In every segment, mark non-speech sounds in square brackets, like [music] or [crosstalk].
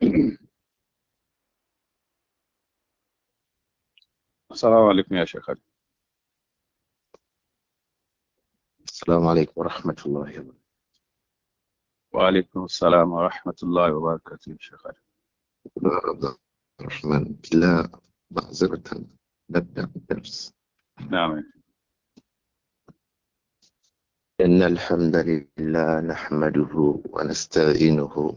[coughs] السلام عليكم يا شيخ علي السلام عليكم ورحمة الله وبركاته وعليكم السلام ورحمة الله وبركاته يا شيخ علي نعم، الرحمن بالله معذرة نبدأ الدرس نعم إن الحمد لله نحمده ونستعينه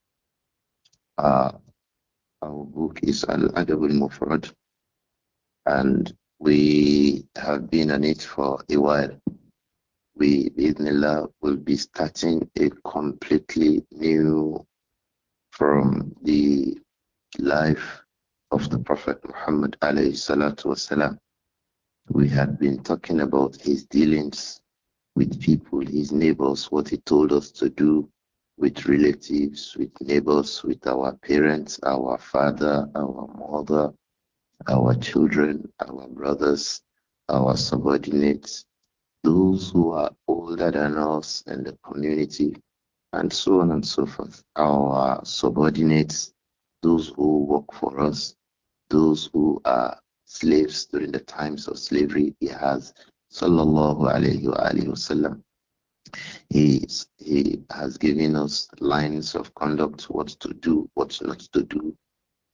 Uh, our book is Al Adabul Mufrad, and we have been on it for a while. We, Bismillah, will be starting a completely new from the life of the Prophet Muhammad alayhi We had been talking about his dealings with people, his neighbors, what he told us to do, with relatives, with neighbors, with our parents, our father, our mother, our children, our brothers, our subordinates, those who are older than us in the community, and so on and so forth. Our subordinates, those who work for us, those who are slaves during the times of slavery, he has sallallahu alayhi wa sallam he, he has given us lines of conduct, what to do, what not to do.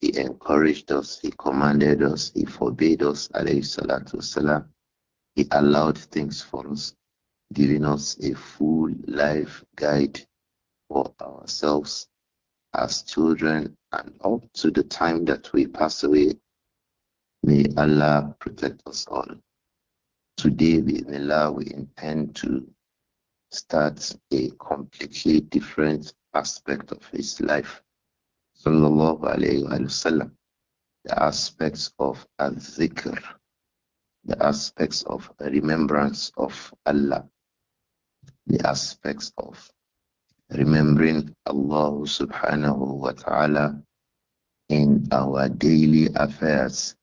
He encouraged us, he commanded us, he forbade us, والسلام, he allowed things for us, giving us a full life guide for ourselves as children and up to the time that we pass away. May Allah protect us all. Today, Bismillah, we intend to starts a completely different aspect of his life. wasallam. The aspects of al-zikr, the aspects of remembrance of Allah, the aspects of remembering Allah subhanahu wa ta'ala in our daily affairs.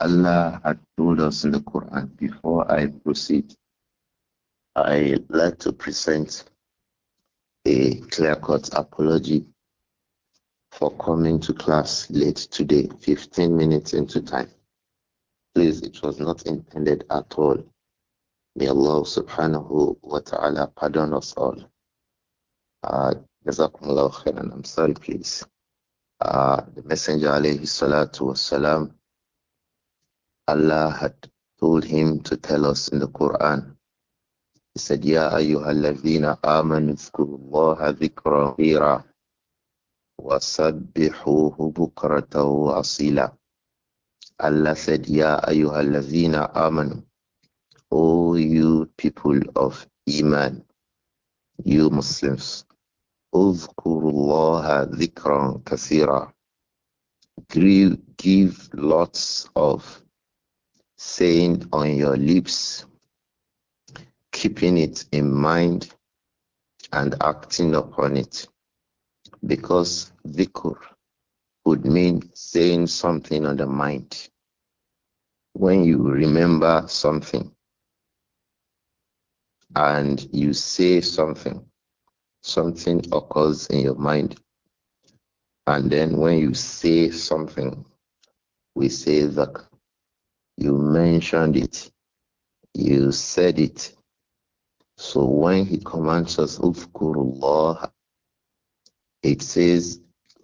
Allah had told us in the Quran before I proceed I like to present a clear cut apology for coming to class late today, 15 minutes into time. Please, it was not intended at all. May Allah subhanahu wa ta'ala pardon us all. Uh, Jazakumullah khairan. I'm sorry, please. Uh, the Messenger alayhi salatu was Allah had told him to tell us in the Quran said, Ya ayyuhalladhina amanu zkurullaha dhikra hira wasabbihuhu bukratan wa asila. Allah said, Ya ayyuhalladhina amanu. O you people of Iman, you Muslims, Uzkurullaha dhikran kathira. Give lots of saying on your lips keeping it in mind and acting upon it. Because vikur would mean saying something on the mind. When you remember something and you say something, something occurs in your mind. And then when you say something, we say that you mentioned it, you said it, so when he commands us, Ufkurullah, it says,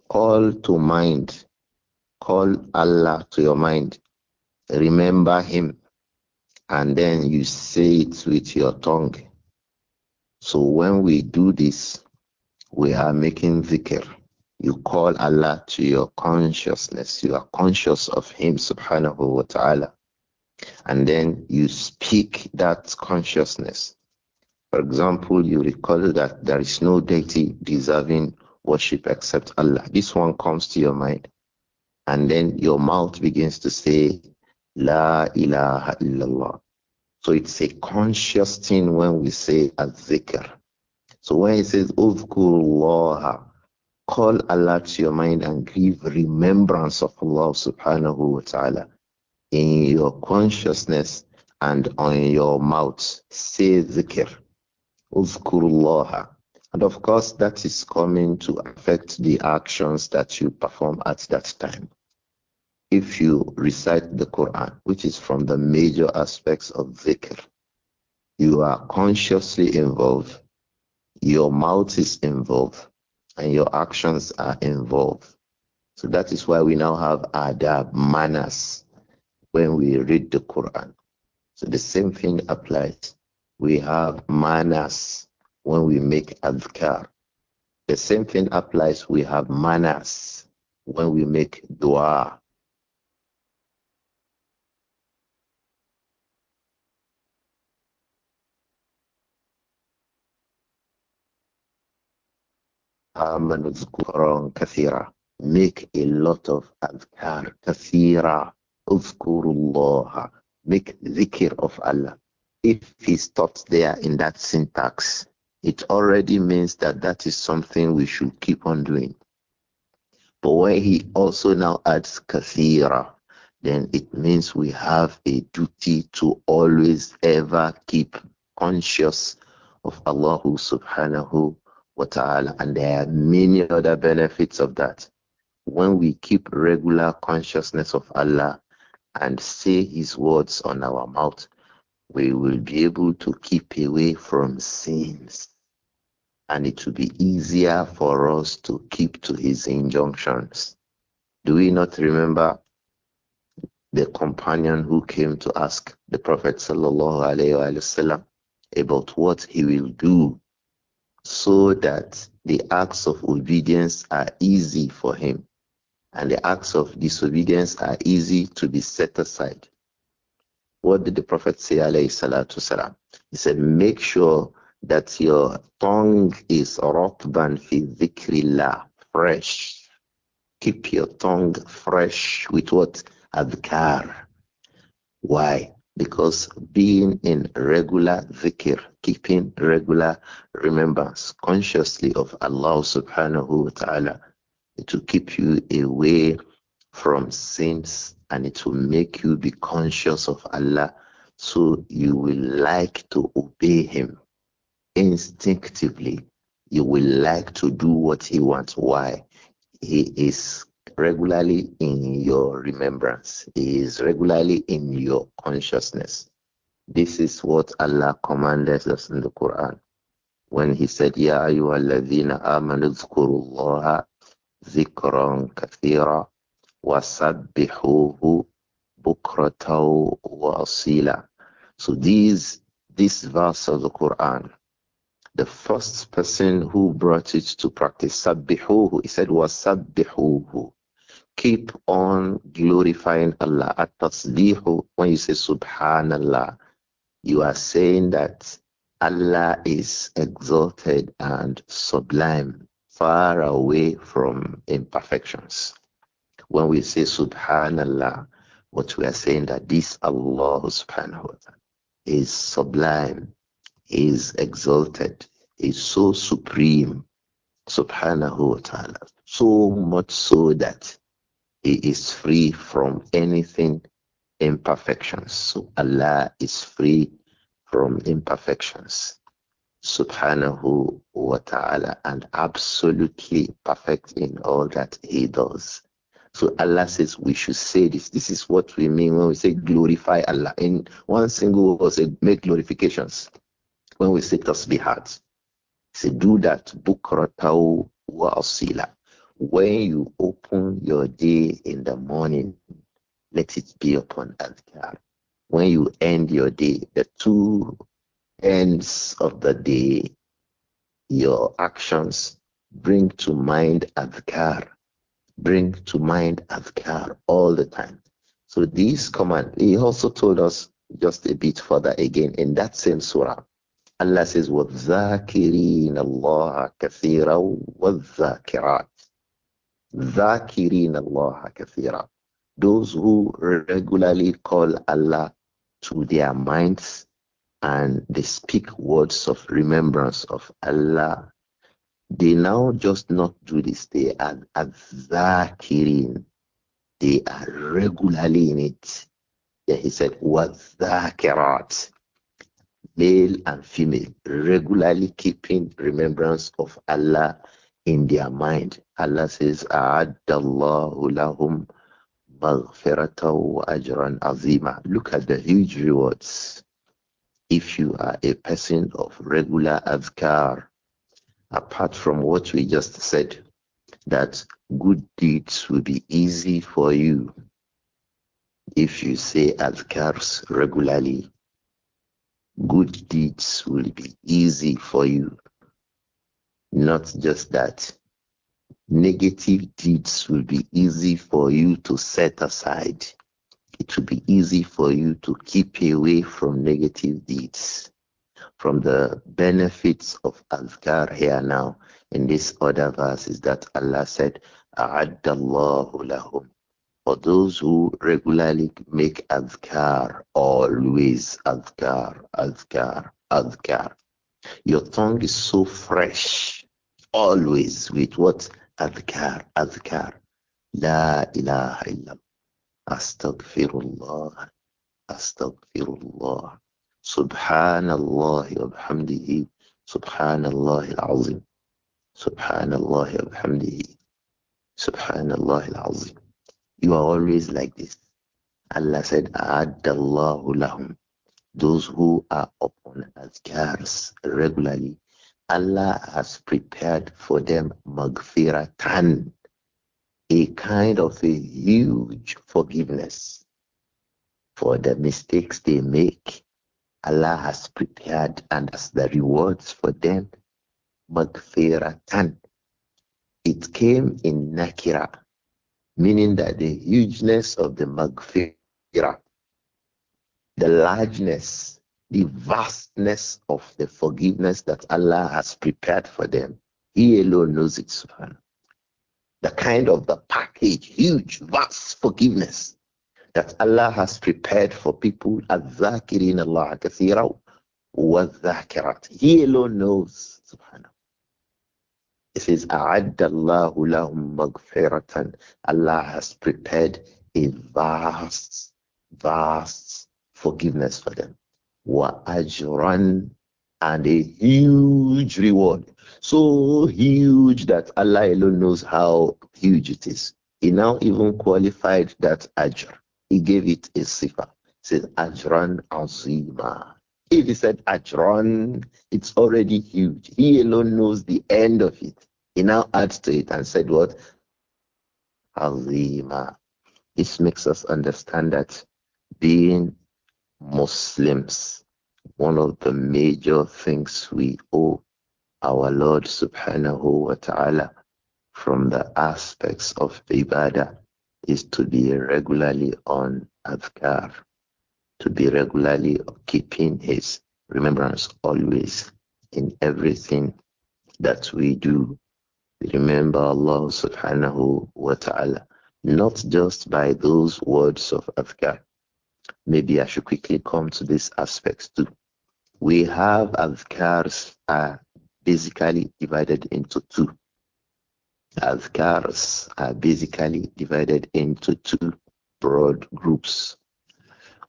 call to mind, call Allah to your mind, remember Him, and then you say it with your tongue. So when we do this, we are making zikr. You call Allah to your consciousness, you are conscious of Him, subhanahu wa ta'ala. And then you speak that consciousness for example, you recall that there is no deity deserving worship except Allah. This one comes to your mind, and then your mouth begins to say, La ilaha illallah. So it's a conscious thing when we say a zikr. So when it says Udhkurullaha, call Allah to your mind and give remembrance of Allah subhanahu wa ta'ala in your consciousness and on your mouth. Say zikr. Uzkurullah. And of course, that is coming to affect the actions that you perform at that time. If you recite the Quran, which is from the major aspects of dhikr, you are consciously involved, your mouth is involved, and your actions are involved. So that is why we now have adab, manners, when we read the Quran. So the same thing applies. We have manners when we make adhkar. The same thing applies. We have manners when we make dua. آمنوا اذكرون make a lot of adhkar كثيرا اذكروا الله make zikr of Allah if he stops there in that syntax, it already means that that is something we should keep on doing. But when he also now adds kathira, then it means we have a duty to always ever keep conscious of Allah subhanahu wa ta'ala. And there are many other benefits of that. When we keep regular consciousness of Allah and say His words on our mouth, we will be able to keep away from sins and it will be easier for us to keep to his injunctions. Do we not remember the companion who came to ask the Prophet وسلم, about what he will do so that the acts of obedience are easy for him and the acts of disobedience are easy to be set aside? What did the Prophet say, alayhi salatu salam? He said, make sure that your tongue is rotban fi dhikrillah, fresh. Keep your tongue fresh with what? Adhkar. Why? Because being in regular dhikr, keeping regular remembrance consciously of Allah subhanahu wa ta'ala, to keep you away from sins and it will make you be conscious of Allah so you will like to obey him instinctively you will like to do what he wants why he is regularly in your remembrance he is regularly in your consciousness this is what allah commanded us in the quran when he said ya ayyuhalladhina amanu dhkurullaha zikran kathira وَسَبِّحُوهُ بُكْرَةً وَأَصِيلًا So these, this verse of the Quran, the first person who brought it to practice, سَبِّحُوهُ, he said وَسَبِّحُوهُ Keep on glorifying Allah. At tasbihu, when you say Subhanallah, you are saying that Allah is exalted and sublime, far away from imperfections when we say subhanallah what we are saying that this allah subhanahu wa is sublime is exalted is so supreme subhanahu wa ta'ala so much so that he is free from anything imperfections so allah is free from imperfections subhanahu wa ta'ala and absolutely perfect in all that he does so Allah says we should say this. This is what we mean when we say glorify Allah. In one single word, say make glorifications. When we say tasbihat, say do that bukratau wa asila. When you open your day in the morning, let it be upon adhkar. When you end your day, the two ends of the day, your actions bring to mind adhkar bring to mind Adhkar all the time. So this command, he also told us just a bit further again in that same surah. Allah says, وَالذَّاكِرِينَ اللَّهَ كَثِيرًا وَالذَّاكِرَاتِ ذَاكِرِينَ اللَّهَ كَثِيرًا Those who regularly call Allah to their minds and they speak words of remembrance of Allah they now just not do this. They are adhakirin. They are regularly in it. Yeah, he said, wadhakirat. Male and female, regularly keeping remembrance of Allah in their mind. Allah says, A'addallahu lahum wa ajran azima. Look at the huge rewards. If you are a person of regular azkar, apart from what we just said, that good deeds will be easy for you if you say adhkars regularly. Good deeds will be easy for you. Not just that, negative deeds will be easy for you to set aside. It will be easy for you to keep away from negative deeds from the benefits of Azkar here now in this other verse is that Allah said, lahum. For those who regularly make Azkar, always Azkar, Azkar, Azkar. Your tongue is so fresh, always with what? Azkar, Azkar. La ilaha illallah. Astaghfirullah. Astaghfirullah. Subhanallah wa bihamdihi. Subhanallah al-azim. Subhanallah wa bihamdihi. Subhanallah al-azim. You are always like this. Allah said, A'addallahu lahum. Those who are upon azkars regularly, Allah has prepared for them maghfiratan, a kind of a huge forgiveness for the mistakes they make Allah has prepared and as the rewards for them, Magfiratan. It came in Nakira, meaning that the hugeness of the Magfirah, the largeness, the vastness of the forgiveness that Allah has prepared for them, He alone knows it, subhanahu. The kind of the package, huge, vast forgiveness that Allah has prepared for people الذاكرين الله كثيرا والذاكرات He alone knows subhanahu It says أعد الله لهم مغفرة Allah has prepared a vast vast forgiveness for them وأجرا and a huge reward so huge that Allah alone knows how huge it is he now even qualified that ajr he gave it a sifa. Says Ajran Azima. If he said Ajran, it's already huge. He alone knows the end of it. He now adds to it and said what? Azima. This makes us understand that being Muslims, one of the major things we owe our Lord subhanahu wa ta'ala from the aspects of ibadah is to be regularly on adhkar, to be regularly keeping his remembrance always in everything that we do. Remember Allah subhanahu wa ta'ala, not just by those words of adhkar. Maybe I should quickly come to these aspects too. We have adhkars are basically divided into two. Adhkars are basically divided into two broad groups.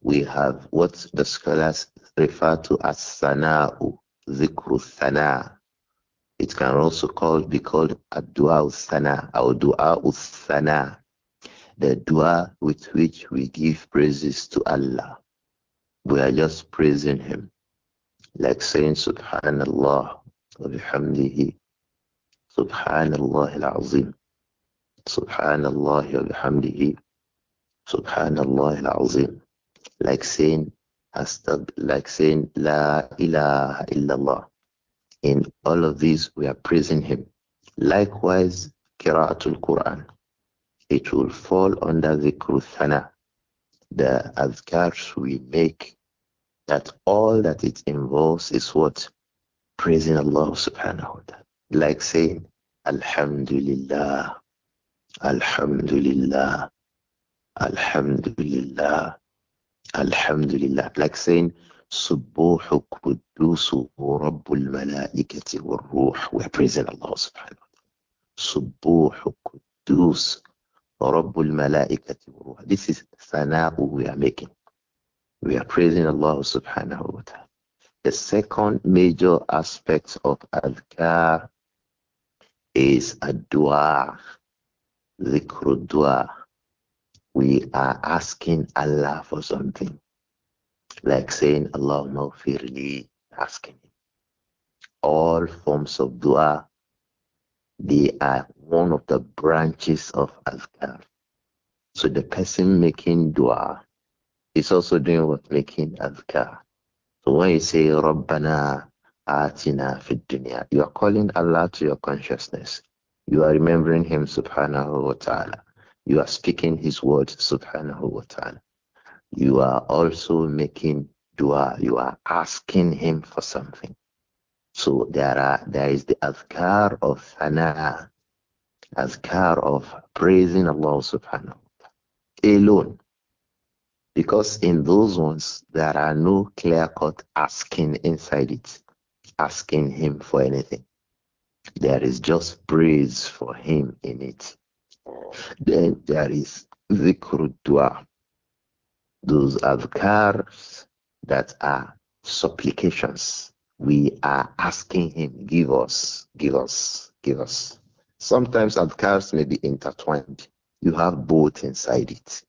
We have what the scholars refer to as sana'u, zikru sana. It can also be called ad Sana'a, sana or du'a sana, the dua with which we give praises to Allah. We are just praising Him, like saying Subhanallah wa bihamdihi سبحان الله العظيم سبحان الله وبحمده سبحان الله العظيم like saying astag like saying la ilaha illallah in all of these we are praising him likewise qira'atul quran it will fall under the kruthana the adhkars we make that all that it involves is what praising allah subhanahu wa ta'ala like saying Alhamdulillah, Alhamdulillah, Alhamdulillah, Alhamdulillah, like saying Subbuhu Kudusu Rabbul Malaikati wa Ruh. We are praising Allah subhanahu wa ta'ala. Subbuhu Kudus Rabbul Malaikati wa Ruh. This is Sana'u we are making. We are praising Allah subhanahu wa ta'ala. The second major aspect of Adhkar is a dua, the dua. We are asking Allah for something, like saying Allahumma firli, asking Him. All forms of dua, they are one of the branches of azkar. So the person making dua is also doing what making azkar. So when you say Rabbana atina fid dunya. You are calling Allah to your consciousness. You are remembering Him subhanahu wa ta'ala. You are speaking His word subhanahu wa ta'ala. You are also making dua. You are asking Him for something. So there are there is the azkar of thana, azkar of praising Allah subhanahu wa ta'ala alone. Because in those ones there are no clear cut asking inside it asking Him for anything. There is just praise for Him in it. Then there is zikru dua. Those adhkars that are supplications. We are asking Him, give us, give us, give us. Sometimes adhkars may be intertwined. You have both inside it.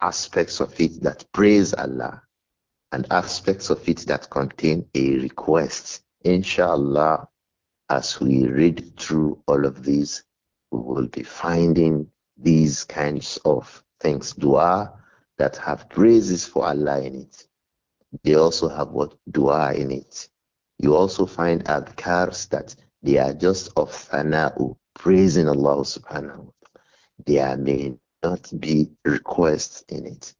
Aspects of it that praise Allah and aspects of it that contain a request. Inshallah, as we read through all of these, we will be finding these kinds of things, dua that have praises for Allah in it. They also have what dua in it. You also find adhkars that they are just of thana'u, praising Allah subhanahu wa ta'ala. There may not be requests in it.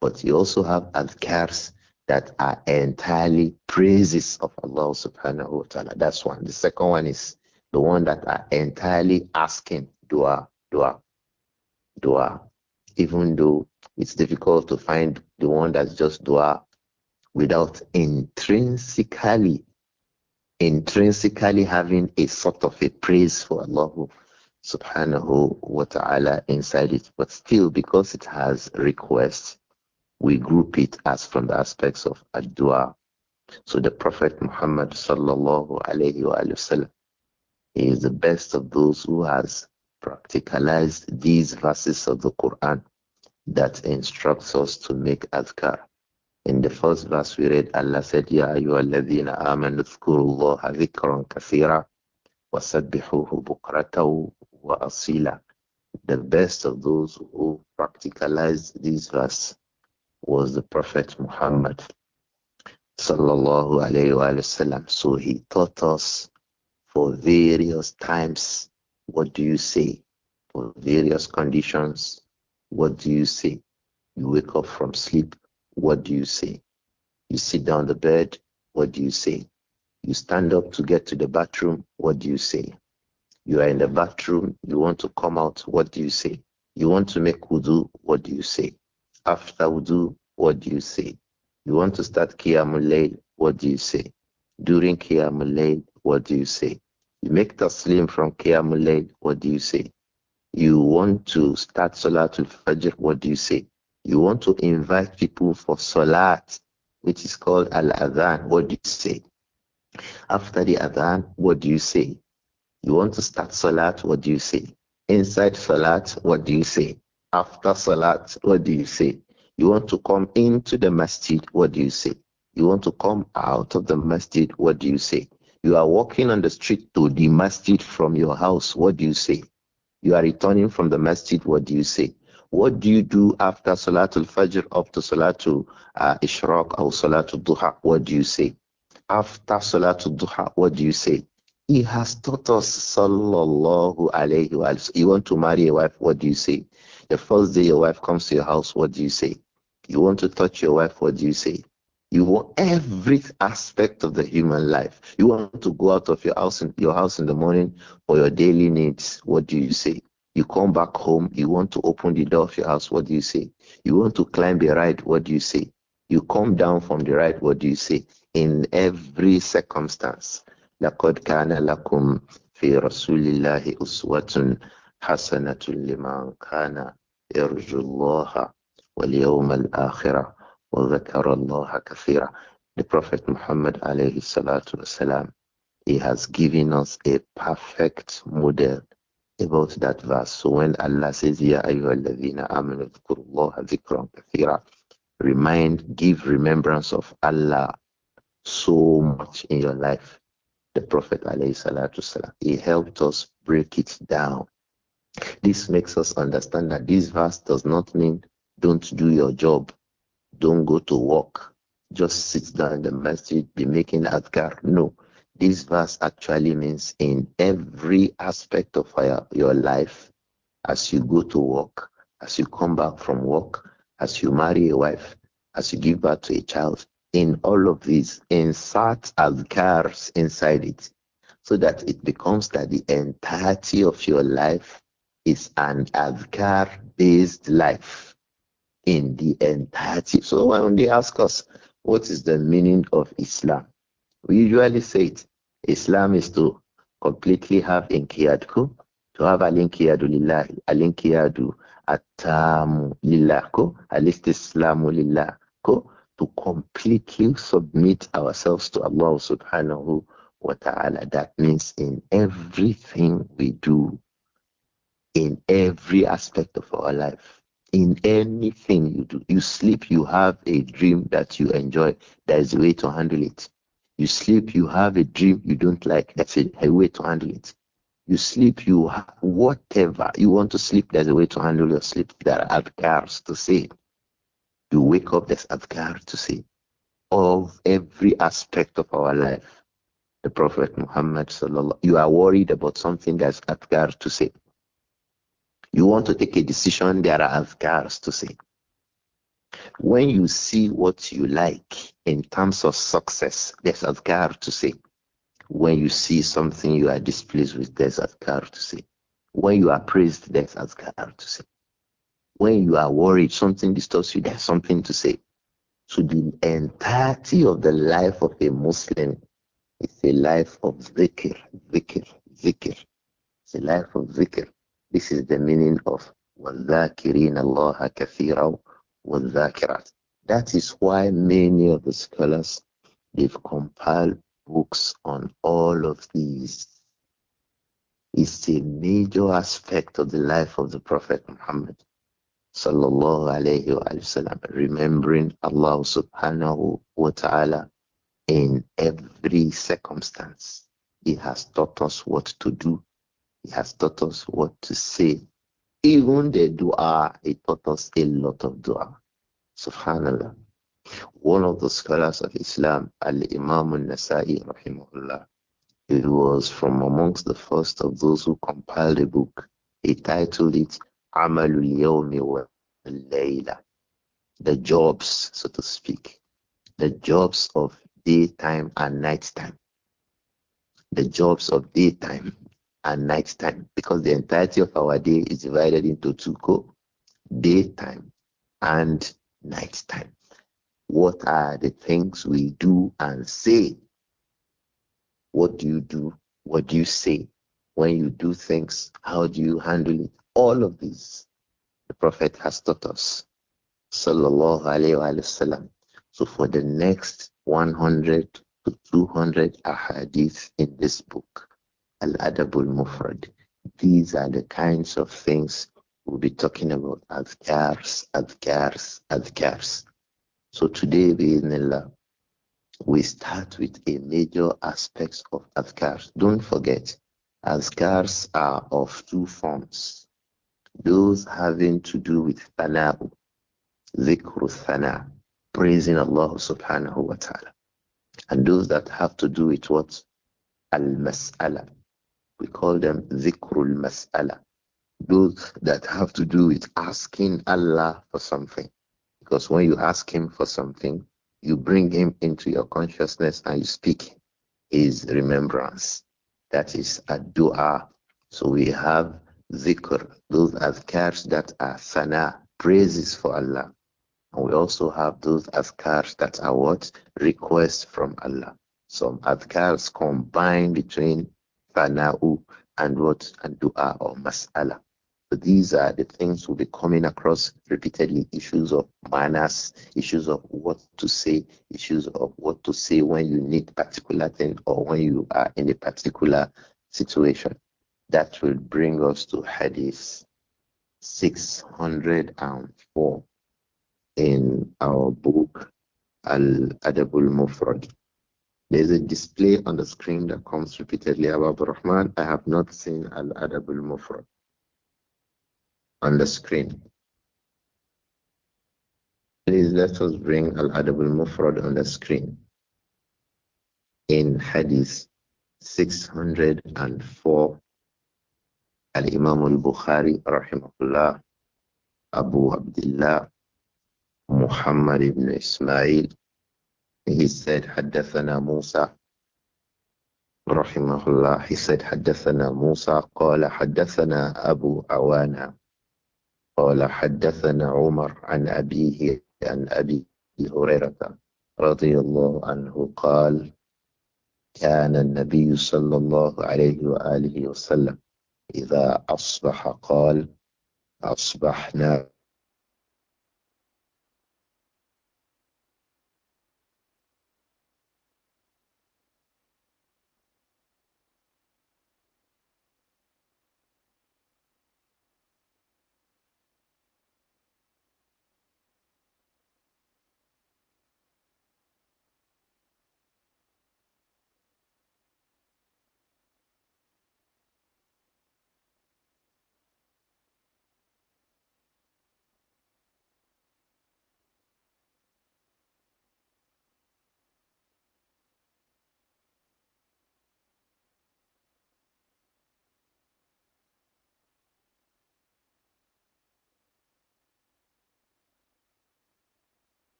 But you also have adhkars that are entirely praises of Allah subhanahu wa ta'ala. That's one. The second one is the one that are entirely asking dua, dua, dua. Even though it's difficult to find the one that's just dua without intrinsically, intrinsically having a sort of a praise for Allah subhanahu wa ta'ala inside it. But still, because it has requests, we group it as from the aspects of ad-dua. So the Prophet Muhammad sallallahu alayhi wa sallam is the best of those who has practicalized these verses of the Quran that instructs us to make adhkar. In the first verse we read, Allah said, Ya ayyuhalladhina amanu dhkurullaha dhikran kathira wasabbihuhu bukratahu wa asila. The best of those who practicalize these verses was the Prophet Muhammad. Sallallahu alayhi so he taught us for various times what do you say? For various conditions, what do you say? You wake up from sleep, what do you say? You sit down the bed, what do you say? You stand up to get to the bathroom, what do you say? You are in the bathroom, you want to come out, what do you say? You want to make wudu, what do you say? After wudu, what do you say? You want to start Qiyamul what do you say? During Qiyamul what do you say? You make taslim from Qiyamul what do you say? You want to start Salatul Fajr, what do you say? You want to invite people for Salat, which is called Al-Adhan, what do you say? After the Adhan, what do you say? You want to start Salat, what do you say? Inside Salat, what do you say? after Salat, what do you say? You want to come into the masjid, what do you say? You want to come out of the masjid, what do you say? You are walking on the street to the masjid from your house, what do you say? You are returning from the masjid, what do you say? What do you do after Salatul Fajr up to Salatul uh, Ishraq or Salatul Duha? What do you say? After Salatul Duha, what do you say? He has taught us, Sallallahu Alaihi Wasallam. You want to marry a wife, what do you say? The first day your wife comes to your house, what do you say? You want to touch your wife, what do you say? You want every aspect of the human life. You want to go out of your house in your house in the morning for your daily needs. What do you say? You come back home, you want to open the door of your house, what do you say? You want to climb a ride, what do you say? You come down from the ride, what do you say? In every circumstance. لقد كان لكم في رسول الله أسوة حسنة لمن كان يرجو الله واليوم الآخرة وذكر الله كثيرا The Prophet Muhammad alayhi salatu wasalam, he has given us a perfect model about that verse. So when Allah says, Ya ayyuhalladhina amanu dhkurullaha dhikran kathira, remind, give remembrance of Allah so much in your life. The Prophet alayhi salatu wasalam, he helped us break it down this makes us understand that this verse does not mean don't do your job, don't go to work, just sit down in the masjid, be making adkar. No, this verse actually means in every aspect of your, your life, as you go to work, as you come back from work, as you marry a wife, as you give birth to a child, in all of these, insert adkars inside it so that it becomes that the entirety of your life is an adhkar based life in the entirety. So when they ask us, what is the meaning of Islam? We usually say it Islam is to completely have inkiyadku, to have alinkiyadu lillah, alinkiyadu attamu lillah ko, alistislamu lillah to completely submit ourselves to Allah subhanahu wa ta'ala. That means in everything we do, in every aspect of our life. In anything you do, you sleep, you have a dream that you enjoy. There is a way to handle it. You sleep, you have a dream you don't like. That's a, a way to handle it. You sleep, you have whatever you want to sleep. There's a way to handle your sleep. There are adhkars to say. You wake up, there's adhkar to say. Of every aspect of our life, the Prophet Muhammad sallallahu. You are worried about something. There's adhkar to say you want to take a decision, there are adhkars to say. When you see what you like in terms of success, there's adhkar to say. When you see something you are displeased with, there's adhkar to say. When you are praised, there's adhkar to say. When you are worried, something disturbs you, there's something to say. So the entirety of the life of a Muslim is a life of zikr, zikr, zikr. It's a life of zikr. This is the meaning of وَالذَّاكِرِينَ اللَّهَ That is why many of the scholars, they've compiled books on all of these. It's a major aspect of the life of the Prophet Muhammad sallallahu alayhi wa sallam, remembering Allah subhanahu wa ta'ala in every circumstance. He has taught us what to do he has taught us what to say. Even the dua, he taught us a lot of dua. Subhanallah. One of the scholars of Islam, Al Imam al Nasa'i, rahimahullah, it was from amongst the first of those who compiled the book. He titled it Amalul Yawmi wa Layla, the jobs, so to speak, the jobs of daytime and nighttime, the jobs of daytime and night time because the entirety of our day is divided into two co daytime and night time. What are the things we do and say? What do you do? What do you say? When you do things, how do you handle it? All of these the Prophet has taught us. Sallallahu alaihi Wasallam. so for the next 100 to 200 ahadith in this book, Al Adabul Mufrad. These are the kinds of things we'll be talking about adhkars, adhkars, adhkars. So today, bi'idhnillah, we start with a major aspect of adhkars. Don't forget, adhkars are of two forms. Those having to do with thana'u, dhikru thana, praising Allah subhanahu wa ta'ala. And those that have to do with what? Al-mas'ala, we call them zikrul mas'ala. Those that have to do with asking Allah for something. Because when you ask Him for something, you bring Him into your consciousness and you speak His remembrance. That is a dua. So we have zikr, those cards that are sana, praises for Allah. And we also have those cards that are what? Requests from Allah. Some cards combine between Fanau and what? And Dua or Mas'ala. So these are the things we'll be coming across repeatedly issues of manners, issues of what to say, issues of what to say when you need particular thing or when you are in a particular situation. That will bring us to Hadith 604 in our book Al Adabul Mufrad. There's a display on the screen that comes repeatedly about Rahman. I have not seen Al Adabul Mufrad on the screen. Please let us bring Al Adabul Mufrad on the screen in Hadith 604. Al Imam al Bukhari, Rahimahullah, Abu Abdullah, Muhammad ibn Ismail He said, موسى رحمه الله. He said, Haddathana Musa. Qala Haddathana Abu Awana. قال حدثنا عمر عن أبيه عن أبي هريرة رضي الله عنه قال كان النبي صلى الله عليه وآله وسلم إذا أصبح قال أصبحنا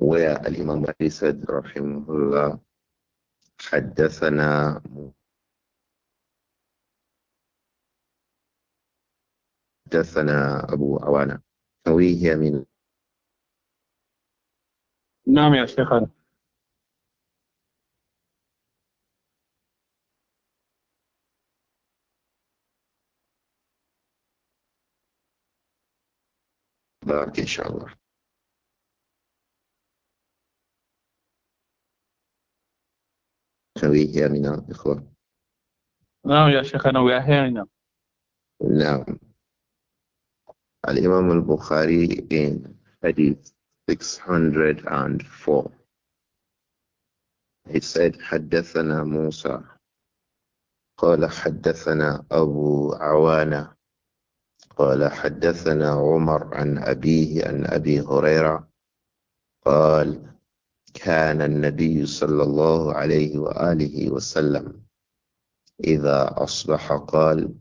والإمام أسد رحمه الله حدثنا حدثنا أبو عوانة نويه من نعم يا شيخ بارك إن شاء الله Can we hear me now, before? Now, Ya Shaykhana, we are hearing now. Now, Al-Imam al-Bukhari in Hadith 604. He said, حدثنا موسى قال حدثنا أبو عوانة قال حدثنا عمر عن أبيه عن أبي هريرة قال كان النبي صلى الله عليه وآله وسلم إذا أصبح قال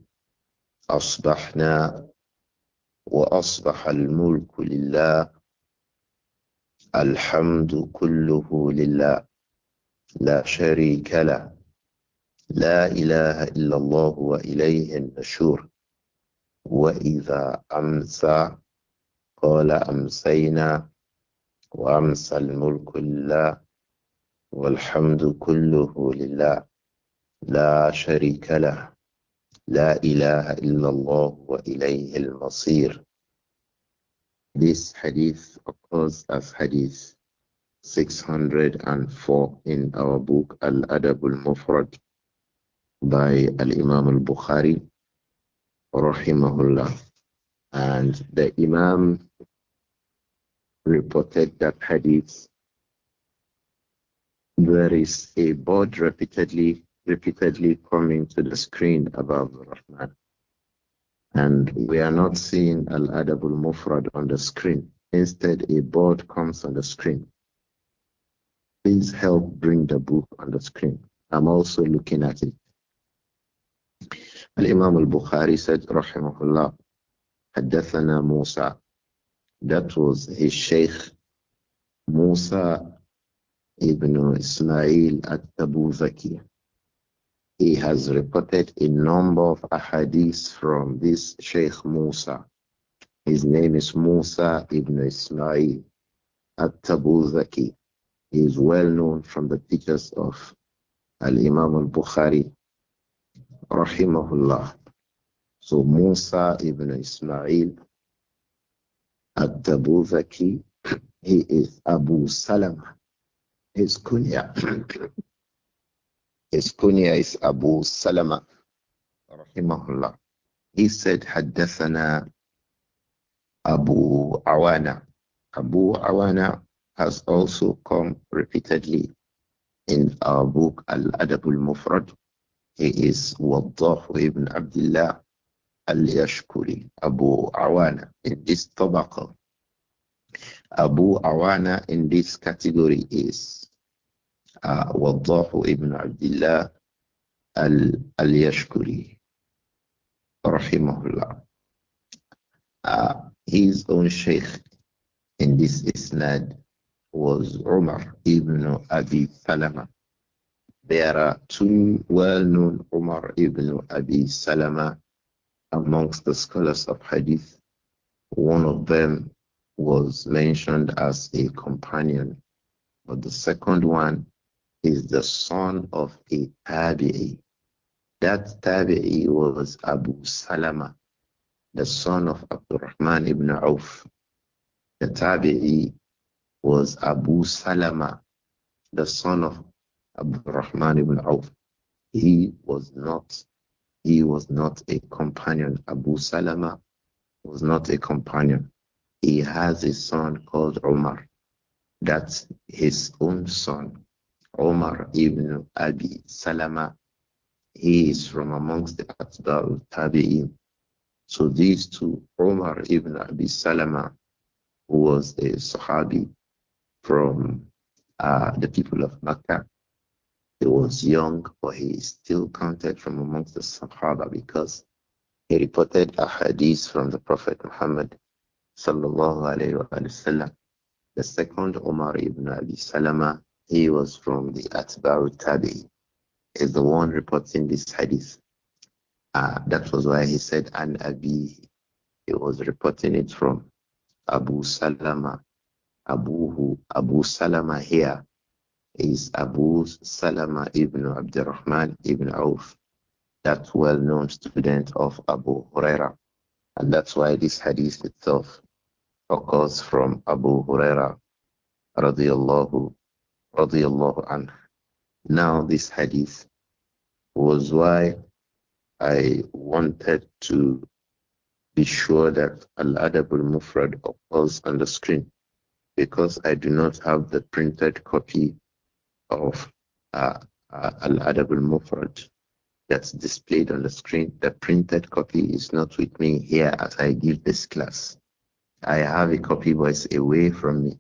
أصبحنا وأصبح الملك لله الحمد كله لله لا شريك له لا إله إلا الله وإليه النشور وإذا أمسى قال أمسينا وأمسى الملك لله والحمد كله لله لا شريك له لا إله إلا الله وإليه المصير This hadith occurs as hadith 604 in our book Al-Adab al-Mufrad by Al-Imam al-Bukhari rahimahullah and the Imam reported that hadith, there is a board repeatedly repeatedly coming to the screen above Rahman. And we are not seeing Al Adabul Mufrad on the screen. Instead, a board comes on the screen. Please help bring the book on the screen. I'm also looking at it. Al Imam al Bukhari said, Rahimahullah, حدثنا موسى that was his Sheikh Musa ibn Ismail at-Tabuzaki. He has reported a number of ahadiths from this Sheikh Musa. His name is Musa ibn Ismail at-Tabuzaki. He is well known from the teachers of Al-Imam al-Bukhari, rahimahullah. So Musa ibn Ismail Abu Bakr. He is Abu Salama. His kunya. [clears throat] His kunya is Abu Salama. Rahimahullah. He said, Haddathana Abu Awana. Abu Awana has also come repeatedly in our book Al Adab al Mufrad. He is Waddah ibn Abdullah al-Yashkuri, Abu Awana, in this tobacco. Abu Awana in this category is uh, ibn Abdullah al-Yashkuri, rahimahullah. Uh, his own sheikh in this isnad was Umar ibn Abi Salama. There are two well-known Umar ibn Abi Salama amongst the scholars of hadith, one of them was mentioned as a companion, but the second one is the son of a tabi'i. That tabi'i was Abu Salama, the son of Abdurrahman ibn Auf. The tabi'i was Abu Salama, the son of Abdurrahman ibn Auf. He was not he was not a companion. Abu Salama was not a companion. He has a son called Omar. That's his own son, Omar ibn Abi Salama. He is from amongst the Atba'u Tabi'in. So these two, Omar ibn Abi Salama, who was a Sahabi from uh, the people of Makkah, he was young, but he is still counted from amongst the Sahaba because he reported a hadith from the Prophet Muhammad sallallahu alayhi wa sallam. The second Umar ibn Abi Salama, he was from the Atba'u Tabi, is the one reporting this hadith. Uh, that was why he said an Abi. He was reporting it from Abu Salama. Abu Abu Salama here is Abu Salama ibn Abdurrahman ibn Auf, that well known student of Abu Huraira. And that's why this hadith itself occurs from Abu Huraira radiallahu, radiallahu anhu. Now, this hadith was why I wanted to be sure that Al Adabul Mufrad occurs on the screen because I do not have the printed copy of uh, uh al mufrad that's displayed on the screen. The printed copy is not with me here as I give this class. I have a copy, but it's away from me.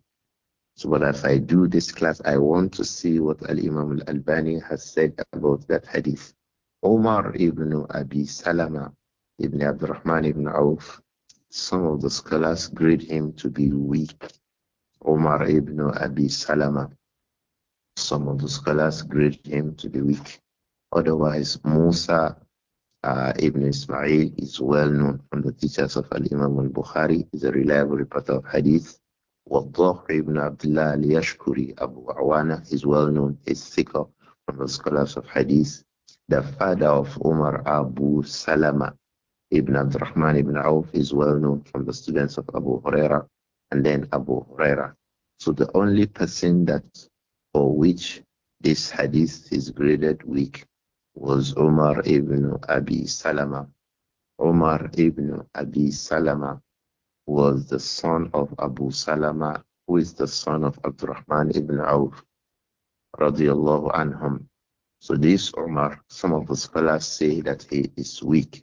So, but if I do this class, I want to see what Al Imam Al Albani has said about that hadith. Omar ibn Abi Salama ibn Abdurrahman ibn Auf, some of the scholars grade him to be weak. Omar ibn Abi Salama. Some of the scholars grade him to be weak. Otherwise, Musa uh, Ibn Ismail is well known from the teachers of Al Imam al Bukhari, is a reliable reporter of hadith. Waddah Ibn Abdullah al Yashkuri Abu Awana is well known, is thicker from the scholars of hadith. The father of Umar Abu Salama Ibn Abdurrahman Ibn Auf is well known from the students of Abu Huraira and then Abu Huraira. So the only person that for which this hadith is graded weak was Omar ibn Abi Salama. Omar ibn Abi Salama was the son of Abu Salama, who is the son of Abdurrahman ibn Auf, radiallahu anhum. So this Omar, some of the scholars say that he is weak,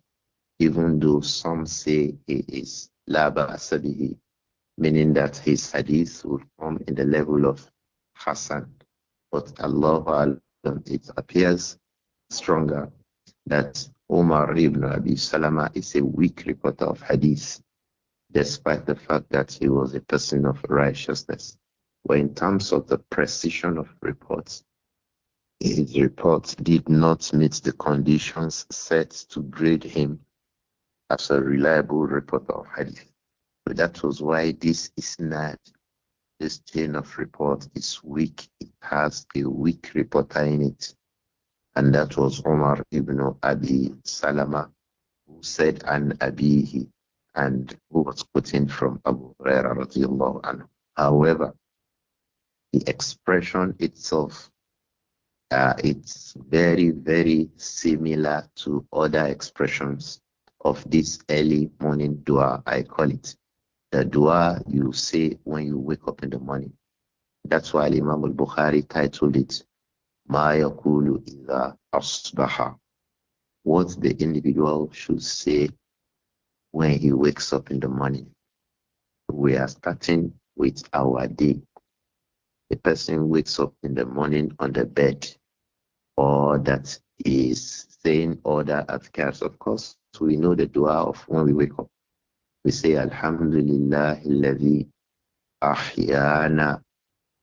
even though some say he is laba asabihi, meaning that his hadith will come in the level of Hassan. But Allah, it appears stronger that Omar ibn Abi Salama is a weak reporter of hadith, despite the fact that he was a person of righteousness. But in terms of the precision of reports, his reports did not meet the conditions set to grade him as a reliable reporter of hadith. But that was why this is not this chain of report is weak. It has a weak reporter in it. And that was Omar ibn Abi Salama, who said an Abihi, and who was quoting from Abu Huraira radiallahu anhu. However, the expression itself uh, it's very very similar to other expressions of this early morning dua i call it the dua you say when you wake up in the morning. That's why Imam al-Bukhari titled it Ma yakulu idha asbaha. What the individual should say when he wakes up in the morning. We are starting with our day. The person wakes up in the morning on the bed or that is saying other adhkars. Of course, we know the dua of when we wake up. We say Alhamdulillah الذي أحيانا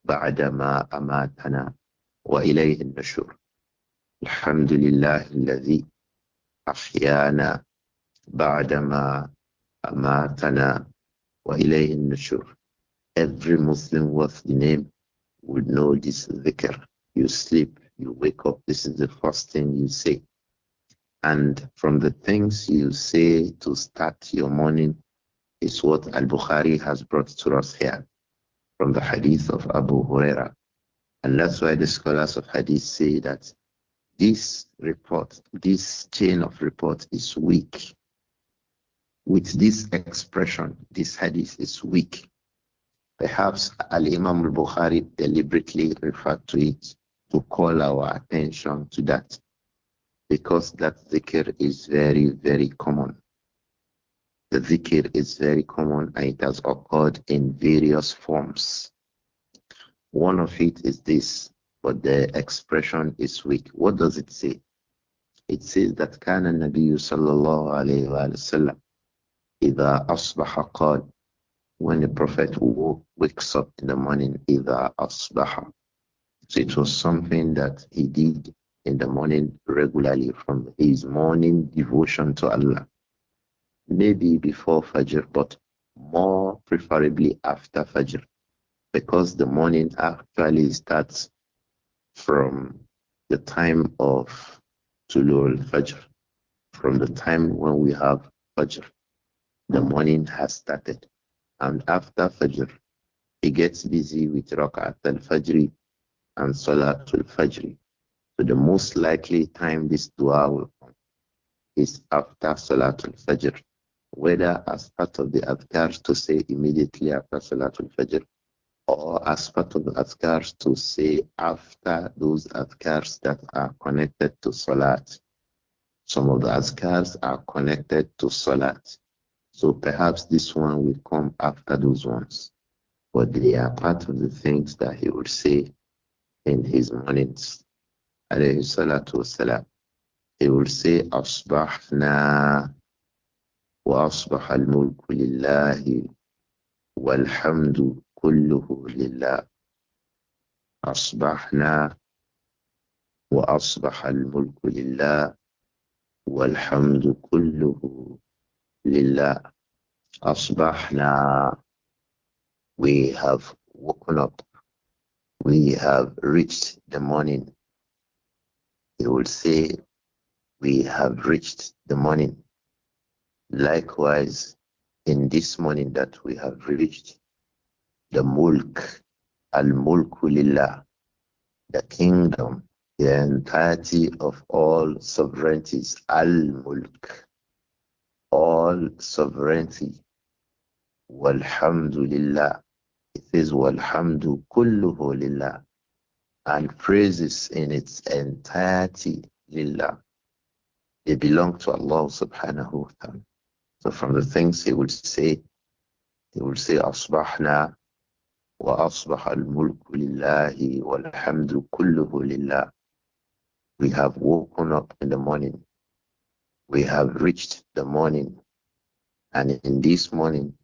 بعدما أماتنا وإليه النشور الحمد لله الذي أحيانا بعدما أماتنا وإليه النشور Every Muslim worth the name would know this dhikr. You sleep, you wake up, this is the first thing you say. And from the things you say to start your morning is what Al Bukhari has brought to us here from the hadith of Abu Huraira. And that's why the scholars of hadith say that this report, this chain of report is weak. With this expression, this hadith is weak. Perhaps Al Imam al Bukhari deliberately referred to it to call our attention to that because that zikr is very, very common. The dhikr is very common and it has occurred in various forms. One of it is this, but the expression is weak. What does it say? It says that كان النبي صلى الله عليه وآله وسلم إذا أصبح قال when the Prophet wakes up in the morning إذا أصبح so it was something that he did in the morning regularly from his morning devotion to Allah maybe before Fajr, but more preferably after Fajr, because the morning actually starts from the time of Tulul Fajr, from the time when we have Fajr. The morning has started. And after Fajr, he gets busy with Raka'at al Fajr and al Fajr. So the most likely time this dua will come is after al Fajr whether as part of the adhkar to say immediately after Salatul Fajr or as part of the adhkar to say after those adhkars that are connected to Salat. Some of the adhkars are connected to Salat. So perhaps this one will come after those ones. But they are part of the things that he would say in his mornings. Alayhi salatu wasalam. He will say, Asbahna وأصبح الملك لله والحمد كله لله أصبحنا وأصبح الملك لله والحمد كله لله أصبحنا we have woken up we have reached the morning he will say we have reached the morning Likewise, in this morning that we have reached, the mulk, al mulkulillah, the kingdom, the entirety of all sovereignties, al-mulk, all sovereignty, walhamdulillah, it is walhamdu kulluhu lillah, and praises in its entirety lillah. They belong to Allah subhanahu wa ta'ala. So from the things he would say, he would say, أصبحنا وأصبح الملك لله والحمد كله لله. We have woken up in the morning. We have reached the morning. And in this morning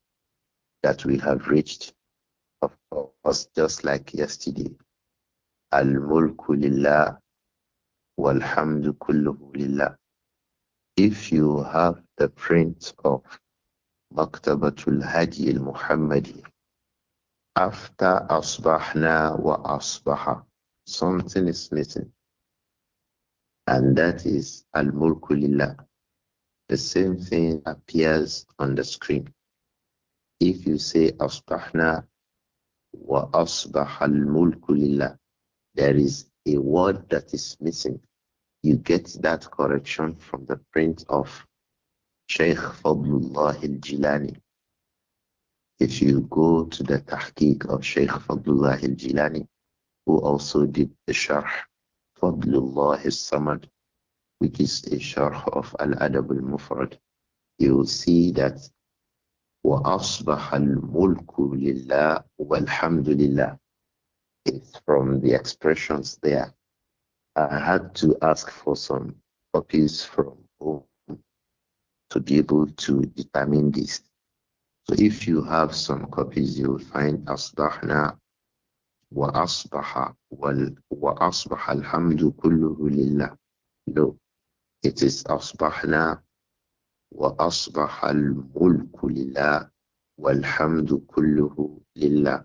that we have reached, of us just like yesterday, Al-Mulku Lillah, Walhamdu Kulluhu Lillah. If you have the print of Maktabatul Hadi al Muhammadi. After Asbahna wa Asbaha, something is missing. And that is Al Mulkulillah. The same thing appears on the screen. If you say Asbahna wa Asbaha al Mulkulillah, there is a word that is missing. You get that correction from the print of Shaykh Fadlullah al-Jilani. If you go to the tahqiq of Shaykh Fadlullah al-Jilani, who also did the sharh Fadlullah al-Samad, which is a sharh of Al-Adab al-Mufrad, you will see that وَأَصْبَحَ الْمُلْكُ لِلَّهِ وَالْحَمْدُ لِلَّهِ It's from the expressions there. I had to ask for some copies from home to be able to determine this. So if you have some copies, you will find أصبحنا وأصبح وال وأصبح الحمد كله لله. No, it is أصبحنا وأصبح الملك لله والحمد كله لله.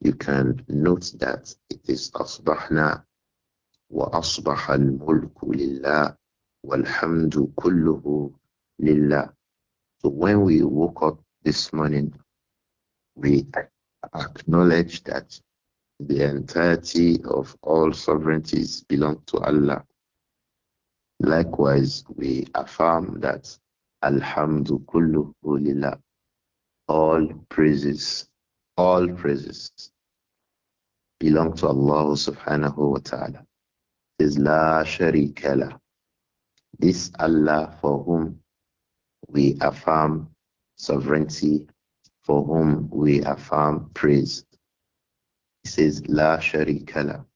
You can note that it is أصبحنا وأصبح الملك لله والحمد كله lillah. So when we woke up this morning, we acknowledge that the entirety of all sovereignties belong to Allah. Likewise, we affirm that Alhamdu kulluhu lillah. All praises, all praises belong to Allah subhanahu wa ta'ala. Is la sharika This Allah for whom we affirm sovereignty, for whom we affirm praise. He says, La Sharikala.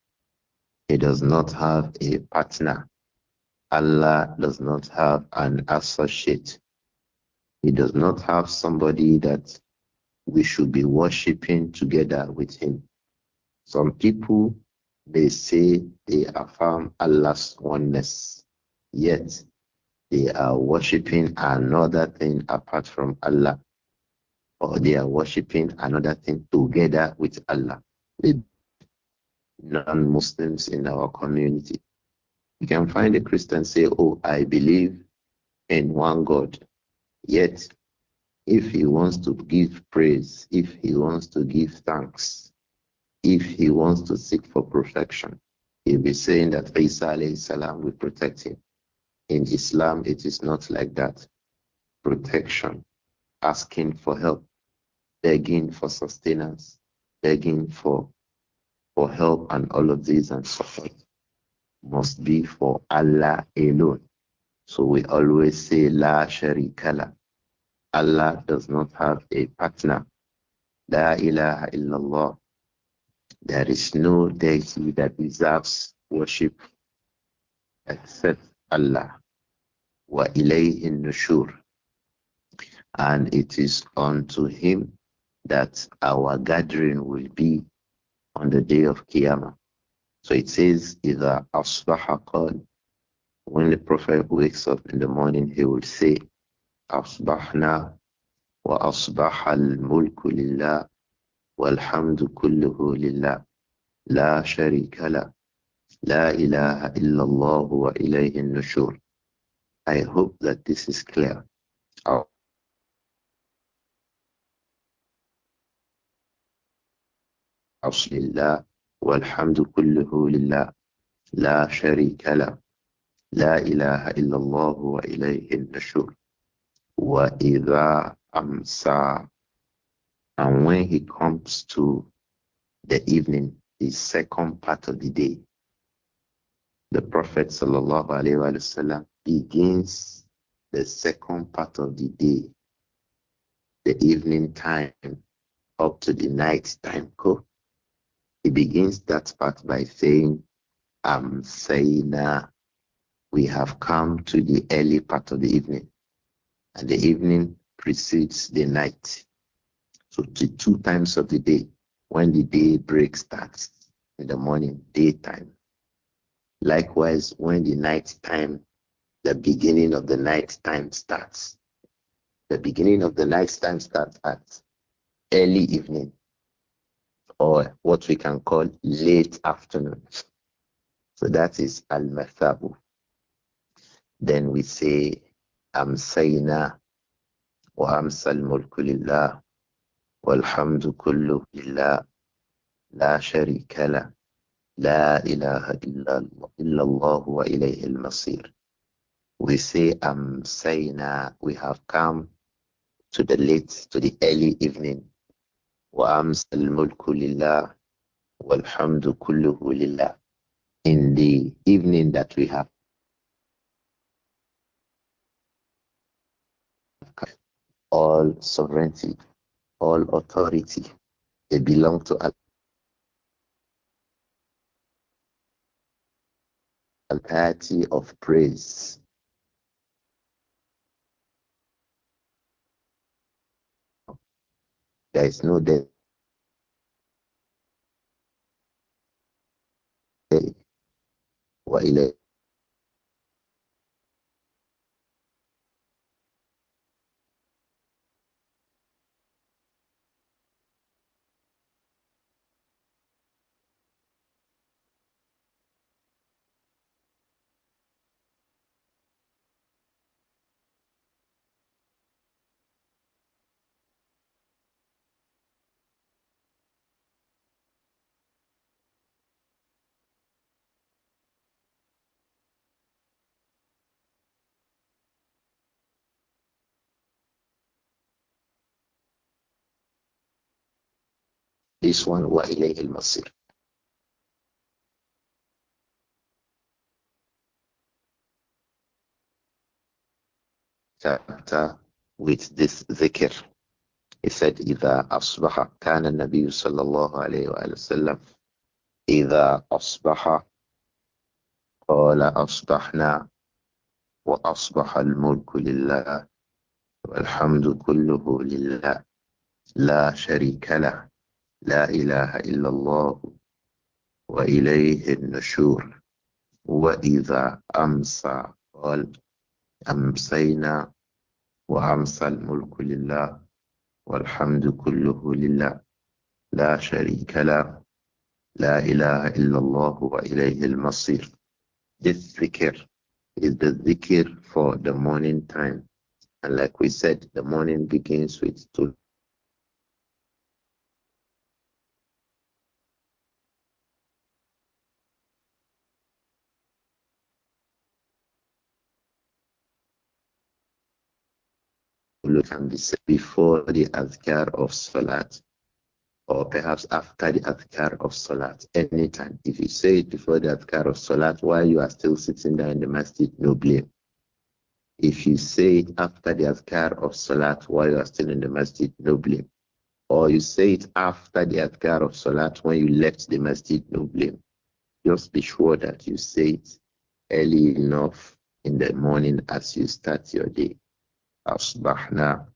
He does not have a partner. Allah does not have an associate. He does not have somebody that we should be worshipping together with him. Some people they say they affirm Allah's oneness, yet they are worshipping another thing apart from Allah, or they are worshipping another thing together with Allah. Non Muslims in our community. You can find a Christian say, Oh, I believe in one God. Yet, if he wants to give praise, if he wants to give thanks, if he wants to seek for protection, he'll be saying that Isa alayhi salam will protect him. In Islam, it is not like that. Protection, asking for help, begging for sustenance, begging for for help and all of these and support must be for Allah alone. So we always say La Sharikala. Allah does not have a partner. La ilaha illallah. There is no deity that deserves worship except Allah wa ilayhi nushur and it is unto him that our gathering will be on the day of qiyamah so it says either asbaha when the prophet wakes up in the morning he will say asbahna wa asbaha al mulk lillah wal hamdu kulluhu lillah la sharika la la ilaha illa wa ilayhi nushur I hope that this is clear. Oh. والحمد كله لله لا شريك له لا إله إلا الله وإليه النشور وإذا أمسى and when he comes to the evening the second part of the day the prophet sallallahu عليه وسلم begins the second part of the day, the evening time up to the night time. He begins that part by saying, I'm saying, now we have come to the early part of the evening, and the evening precedes the night. So, the two times of the day, when the day break starts in the morning, daytime. Likewise, when the night time the beginning of the night time starts. The beginning of the night time starts at early evening or what we can call late afternoon. So that is al mathabu. Then we say "Am amsayna wa am al mulku lillah walhamdu kullu lillah la sharika la la ilaha illa Allah wa ilayhi al masir we say um sayna uh, we have come to the late to the early evening وأمس الملك لله والحمد كله لله in the evening that we have all sovereignty all authority they belong to al a party of praise There is no death. This one وإليه المصير كانت with this ذكر He said, إذا أصبح كان النبي صلى الله عليه وآله وسلم إذا أصبح قال أصبحنا وأصبح الملك لله والحمد كله لله لا شريك له لا إله إلا الله وإليه النشور وإذا أمسى قال أمسينا وأمسى الملك لله والحمد كله لله لا شريك له لا إله إلا الله وإليه المصير This ذكر is the ذكر for the morning time. And like we said, the morning begins with two can be said before the adhkar of salat or perhaps after the adhkar of salat anytime. If you say it before the adhkar of salat while you are still sitting there in the masjid, no blame. If you say it after the adhkar of salat while you are still in the masjid, no blame. Or you say it after the adhkar of salat when you left the masjid, no blame. Just be sure that you say it early enough in the morning as you start your day. أصبحنا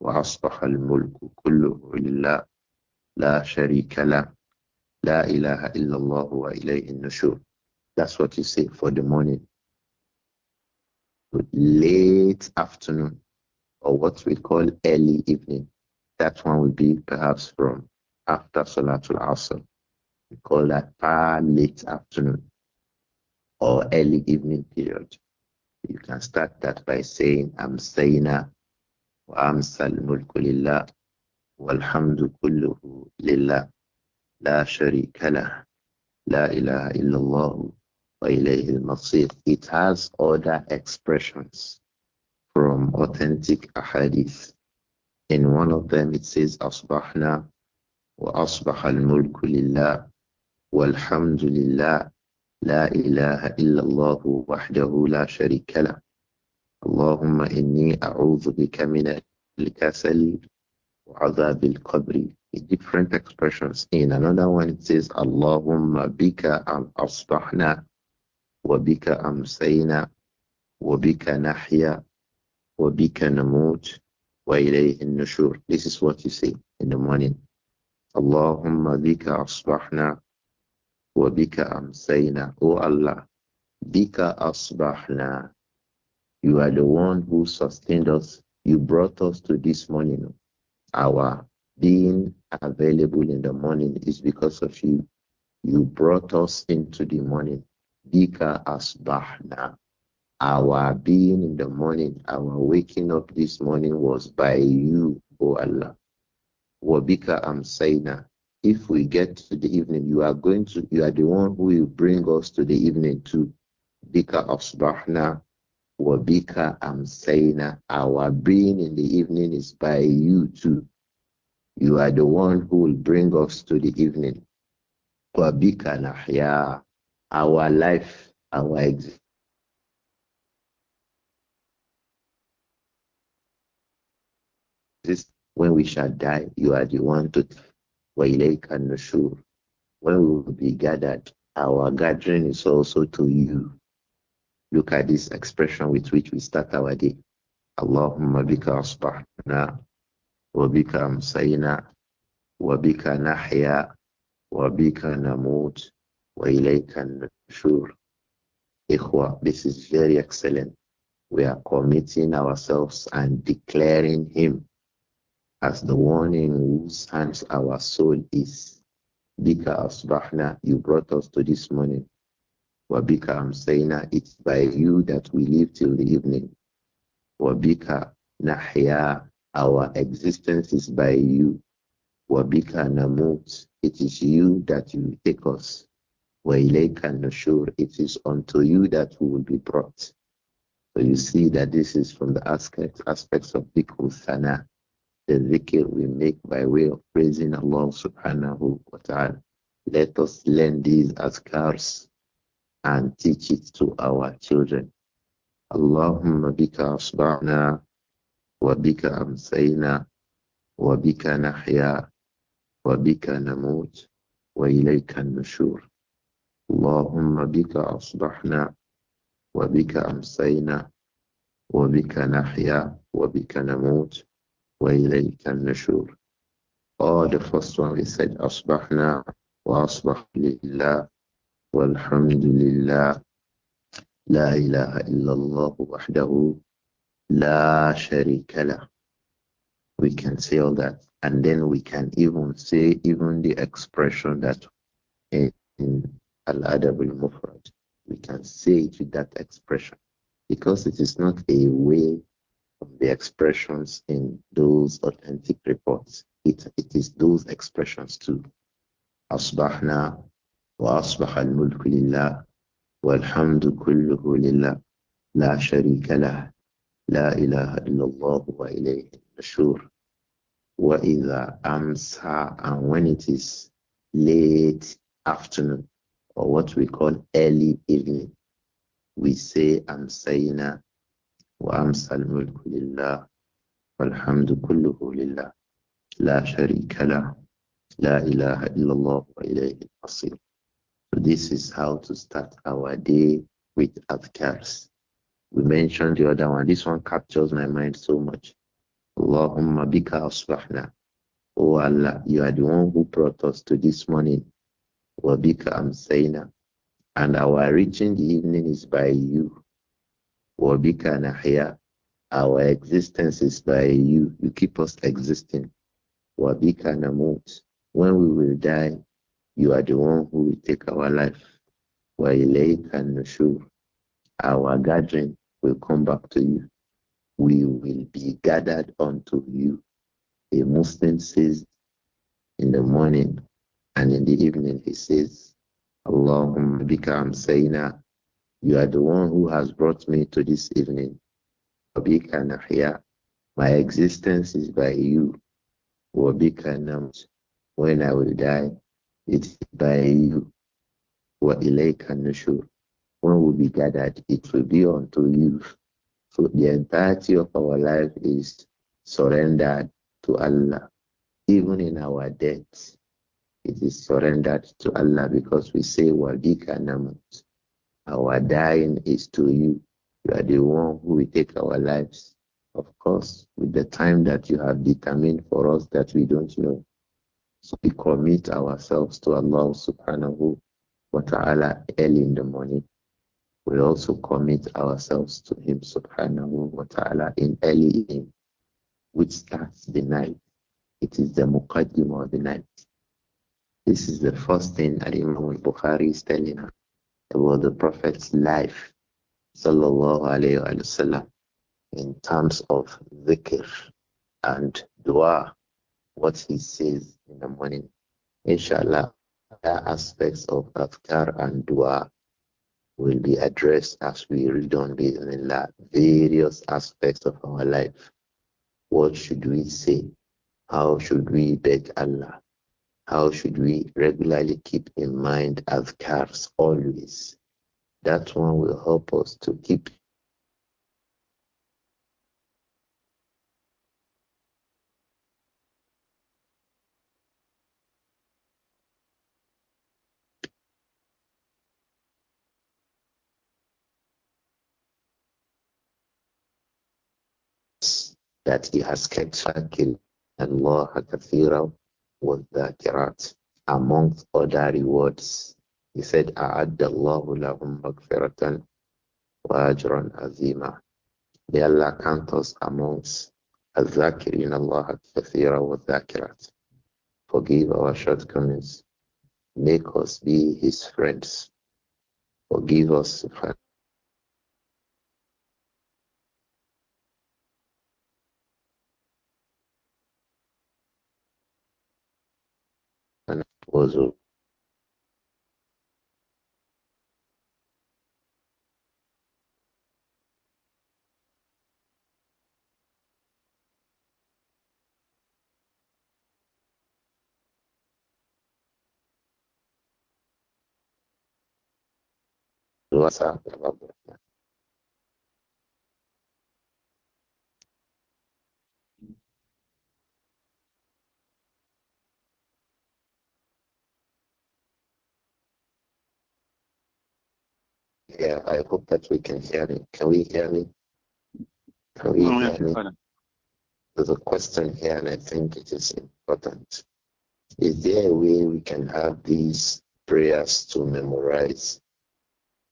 وأصبح الملك كله لله لا شريك له لا إله إلا الله وإليه النشور That's what you say for the morning. But late afternoon, or what we call early evening, that one will be perhaps from after Salatul Asr. We call that far late afternoon or early evening period. You can start that by saying Amsayna wa am Mulku Lillah Walhamdu Kulluhu Lillah La Sharika Lah La ilaha illallah wa ilayhi al-masir. It has other expressions from authentic ahadith. In one of them it says asbahna wa asbah al-mulku lillah walhamdulillah لا إله إلا الله وحده لا شريك له اللهم إني أعوذ بك من الكسل وعذاب القبر in different expressions in another one it says اللهم بك أم أصبحنا وبك أمسينا وبك نحيا وبك نموت وإليه النشور this is what you say in the morning اللهم بك أصبحنا Wabika amsayna. O Allah, bika asbahna. You are the one who sustained us. You brought us to this morning. Our being available in the morning is because of you. You brought us into the morning. Bika asbahna. Our being in the morning, our waking up this morning was by you, O Allah. Wabika amsayna if we get to the evening, you are going to, you are the one who will bring us to the evening to Bika asbahna wa bika amsayna. Our being in the evening is by you too. You are the one who will bring us to the evening. Wa bika nahya. Our life, our existence. When we shall die, you are the one to وَإِلَيْكَ النُّشُورُ When we will be gathered, our gathering is also to you. Look at this expression with which we start our day. اللهم بك أصبحنا وبك أمسينا وبك نحيا وبك نموت وإليك النشور إخوة this is very excellent we are committing ourselves and declaring him as the one in whose hands our soul is. Bika Asbahna, you brought us to this morning. Wabika Amsayna, it's by you that we live till the evening. Wabika Nahya, our existence is by you. Wabika Namut, it is you that you take us. Wailaika Nushur, it is unto you that we will be brought. So you see that this is from the aspect, aspects of Bikul Sana, the zikr we make by way of praising Allah subhanahu wa ta'ala. Let us learn these askars and teach it to our children. Allahumma bika asba'na wa bika amsayna wa bika nahya wa bika namut wa ilayka nushur. Allahumma bika asba'na wa bika amsayna wa bika nahya wa bika namut وإليك النشور Oh, the first one we said أصبحنا وأصبح لله والحمد walhamdulillah, la ilaha illallah الله وحده لا شريك We can say all that and then we can even say even the expression that in, in Al-Adab al-Mufrad we can say it with that expression because it is not a way the expressions in those authentic reports. it is those expressions too. Asbahna wa asbah al mulk lillah wa alhamdu kulluhu lillah la sharika la ilaha illallah wa ilayhi ashur wa idha and when it is late afternoon or what we call early evening we say amsayna وأمسى الملك لله والحمد كله لله لا شريك له لا إله إلا الله وإليه المصير So this is how to start our day with adhkars. We mentioned the other one. This one captures my mind so much. Allahumma bika asbahna. Oh Allah, you are the one who brought us to this morning. Wa bika amsayna. And our reaching the evening is by you. Wabika نَحْيَا Our existence is by you. You keep us existing. Wabika namut. When we will die, you are the one who will take our life. وَإِلَيْكَ النُّشُورُ Our gathering will come back to you. We will be gathered unto you. A Muslim says in the morning and in the evening he says, Allahumma bika amsayna you are the one who has brought me to this evening. Wabika Nahya, my existence is by you. Wabika Nams, when I will die, it's by you. Wa Ilayka Nushur, when we be gathered, it will be unto you. So the entirety of our life is surrendered to Allah. Even in our death, it is surrendered to Allah because we say Wabika Namas. Our dying is to you. You are the one who will take our lives. Of course, with the time that you have determined for us that we don't know. So we commit ourselves to Allah subhanahu wa ta'ala early in the morning. We also commit ourselves to Him subhanahu wa ta'ala in early evening, which starts the night. It is the muqaddim of the night. This is the first thing that Imam Bukhari is telling us about the Prophet's life, sallallahu alayhi wasallam, in terms of dhikr and dua, what he says in the morning. Inshallah, other aspects of afkar and dua will be addressed as we read on the various aspects of our life. What should we say? How should we beg Allah? How should we regularly keep in mind adhkars always? That one will help us to keep that he has kept Shakir and Allah Kathira was that Gerard, amongst other rewards, he said, A'addallahu lahum magfiratan wa ajran azima. May Allah count us amongst al-zakirin Allah al-fathira wa zakirat. Forgive our shortcomings. Make us be his friends. Forgive us, maravilhoso. Nossa, pelo Yeah, I hope that we can hear me. Can we hear me? Can we oh, hear me? There's a question here, and I think it is important. Is there a way we can have these prayers to memorize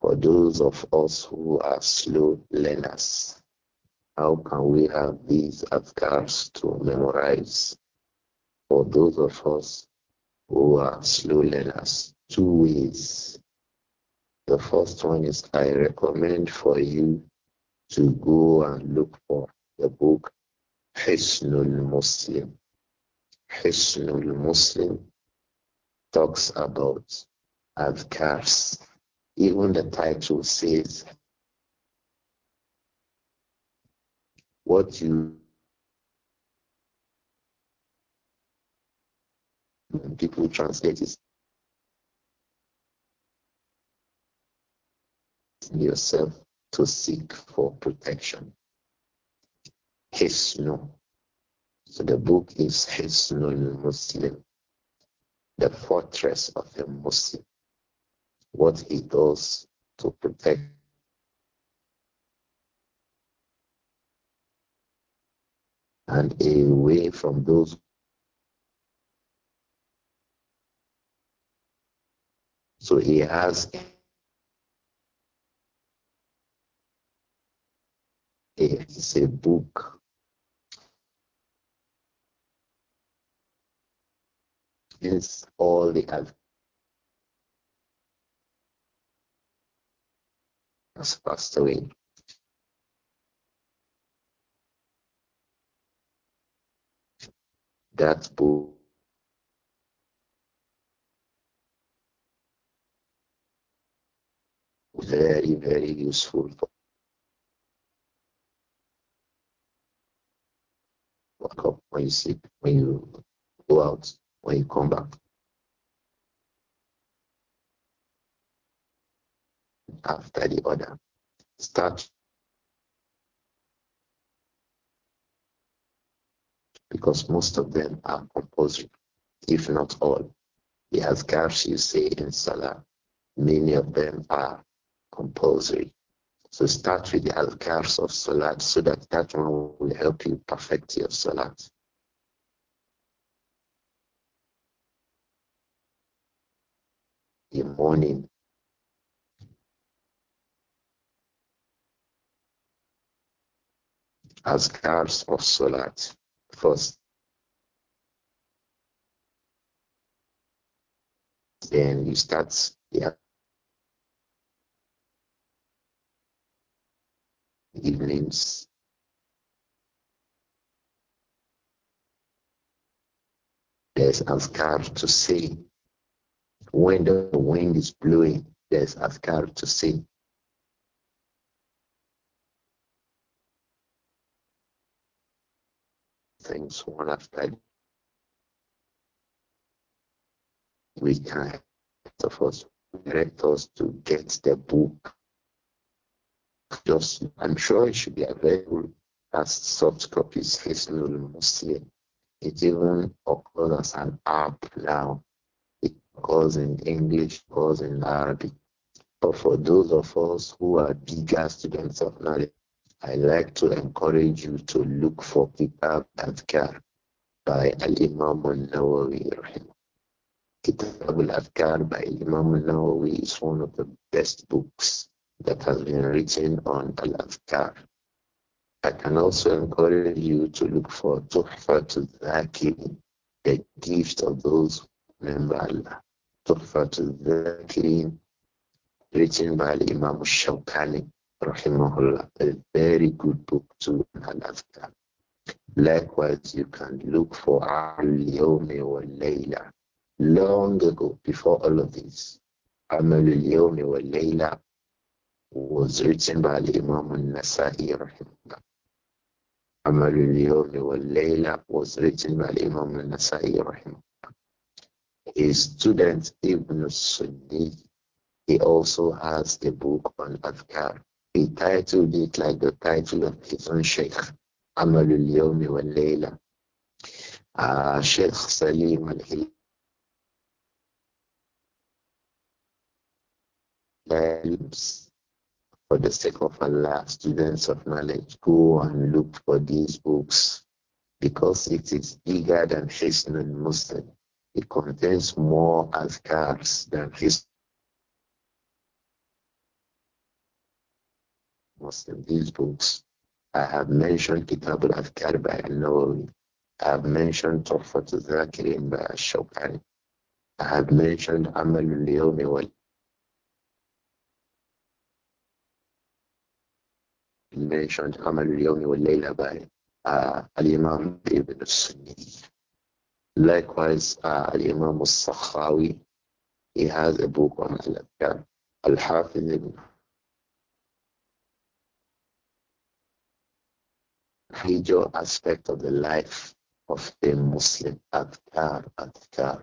for those of us who are slow learners? How can we have these adhkars to memorize for those of us who are slow learners? Two ways the first one is I recommend for you to go and look for the book Hisnul Muslim. Hisnul Muslim talks about adhkars. Even the title says what you people translate is yourself to seek for protection. Hisnu. So the book is in Muslim, the fortress of a Muslim. What he does to protect and away from those so he has a book. Is all they the has passed away. That book very, very useful for. up, when you sleep, when you go out, when you come back. After the other, start because most of them are compulsory, if not all. The Azkars you say in Salah, many of them are compulsory. So start with the alkars of salat so that that one will help you perfect your salat. The morning. as Azkars of Salat first. Then you start the evenings there's askar to see when the wind is blowing there's askar to see things one after we can of us direct us to get the book just, I'm sure it should be available as soft copies, Hisnul Muslim. It even occurs as an app now. It occurs in English, occurs in Arabic. But for those of us who are bigger students of knowledge, I like to encourage you to look for Kitab Adkar by Al Imam al Nawawi. Kitab al Adkar by Imam al Nawawi is one of the best books that has been written on Al Azkar. I can also encourage you to look for to Zaki, the gift of those who remember Allah. to Zaki, written by Imam Shawkani, rahimahullah, a very good book to Al Azkar. Likewise, you can look for Al-Yawmi wa Layla. Long ago, before all of this, Amalul Yawmi wa Layla was written by the Imam al-Nasa'i Amal al-Yawmi wal-Layla was written by Imam al-Nasa'i His student Ibn Sunni, he also has a book on Adhkar. He titled it like the title of his own Sheikh, Amal al-Yawmi wal-Layla. Uh, Sheikh Salim al-Hilal for the sake of Allah, students of knowledge, go and look for these books because it is bigger than and Muslim. It contains more azkars than Hisnul Muslim. These books, I have mentioned Kitab al-Azkar by Nawawi. I have mentioned Tuhfat al-Zakirin by Shawkani. I have mentioned Amal al-Yawmi mentioned Amal al-Yawmi wal-Layla by uh, Al-Imam Ibn Sunni. Likewise, uh, Al-Imam al-Sakhawi, he has a book on Al-Abkar. Al-Hafiz ibn major aspect of the life of a Muslim, Adkar, Adkar.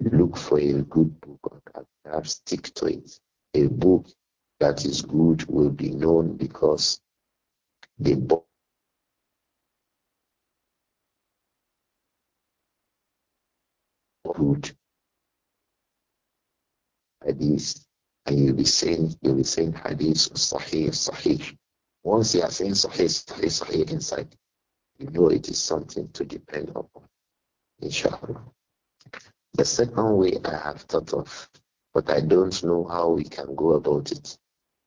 Look for a good book on Adkar, stick to it. A book that is good will be known because the good hadith and you'll be saying you'll be saying hadith sahih sahih once you are saying sahih sahih sahih inside you know it is something to depend upon inshallah the second way i have thought of but i don't know how we can go about it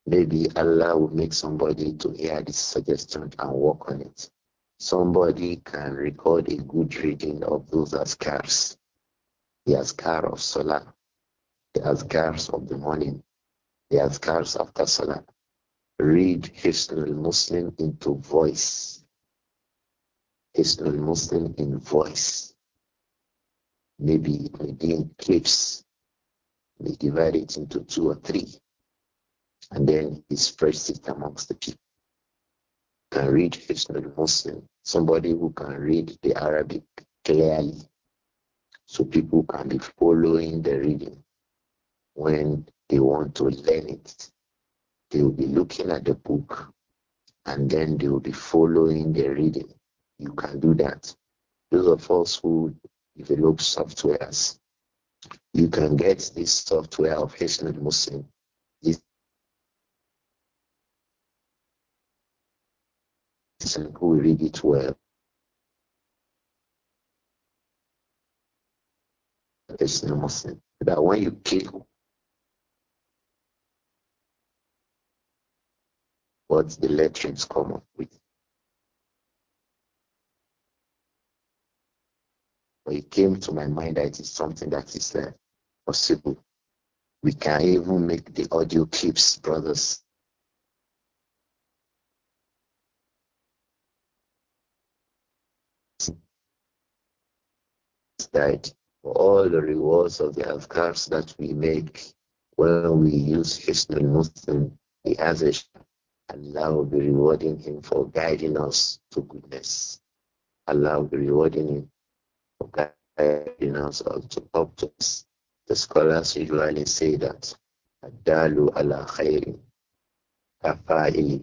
Maybe Allah will make somebody to hear this suggestion and work on it. Somebody can record a good reading of those askars, the askar of Salah, the askars of the morning, the askars after Salah. Read Hisnul Muslim into voice. Hisnul Muslim in voice. Maybe within clips, we divide it into two or three and then he spreads it amongst the people. You can read Hisnul Muslim, somebody who can read the Arabic clearly, so people can be following the reading when they want to learn it. They will be looking at the book and then they will be following the reading. You can do that. Those of us who develop softwares, you can get this software of Haitian Muslim person who read it well. It's a Muslim. That when you kill what the legends come up with. But it came to my mind that it is something that is uh, possible. We can even make the audio clips, brothers, That for all the rewards of the adhkars that we make when we use Hisnul Muslim, he has and Allah will be rewarding him for guiding us to goodness. Allah will be rewarding him for guiding us to purpose. The scholars usually say that Adalu ala khairin, kafa'ili,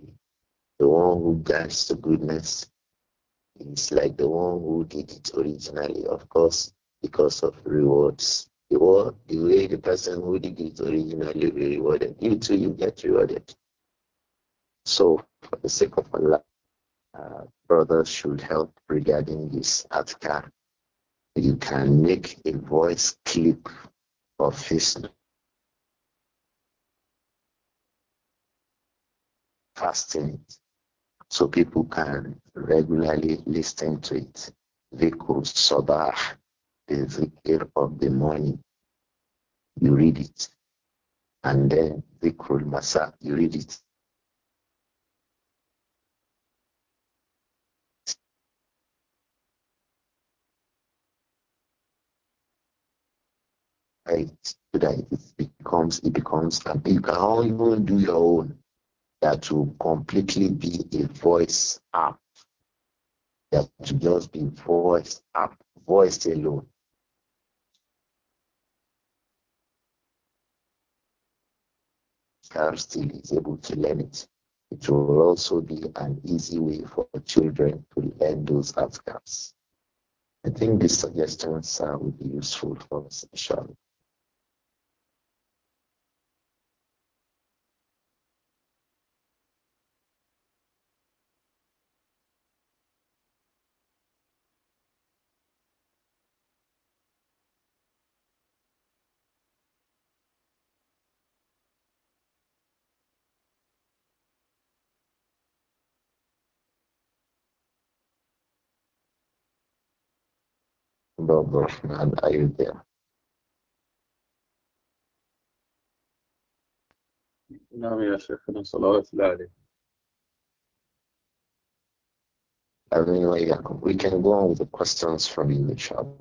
the one who guides to goodness is like the one who did it originally, of course, because of rewards. The, world, the way the person who did it originally be rewarded, you too, you get rewarded. So, for the sake of Allah, uh, brothers should help regarding this adkar. You can make a voice clip of his fasting so people can regularly listen to it. Dhikr Sabah, the dhikr of the morning, you read it. And then Dhikr Masa, you read it. Right, so that it becomes, it becomes, you can even do your own that will completely be a voice app. That will just be voice app, voice alone. Camp still is able to learn it. It will also be an easy way for children to learn those outcomes. I think these suggestions uh, will be useful for us, inshallah. of Rahman, are you We can go on with the questions from you inshallah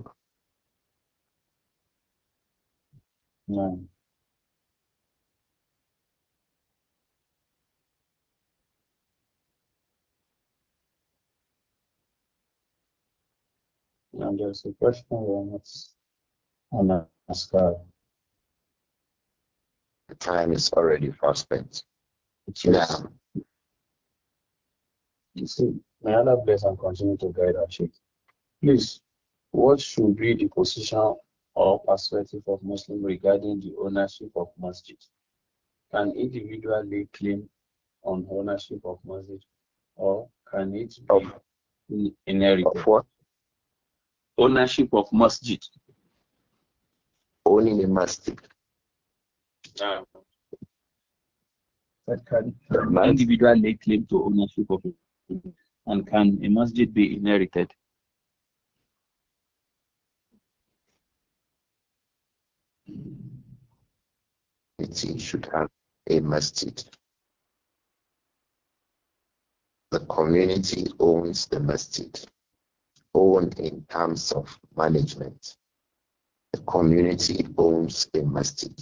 No. મંજુર શ્રી કૃષ્ણ નમસ્કાર The time is already far spent. Now, you see, may Allah bless and continue to guide our sheikh. Please, what should be the position or perspective of Muslim regarding the ownership of masjid? Can individual lay claim on ownership of masjid, or can it be inherited? Of what? ownership of masjid. Owning a masjid. Uh, that can an individual lay claim to ownership of it, and can a masjid be inherited? It should have a masjid. The community owns the masjid own in terms of management. The community owns a masjid.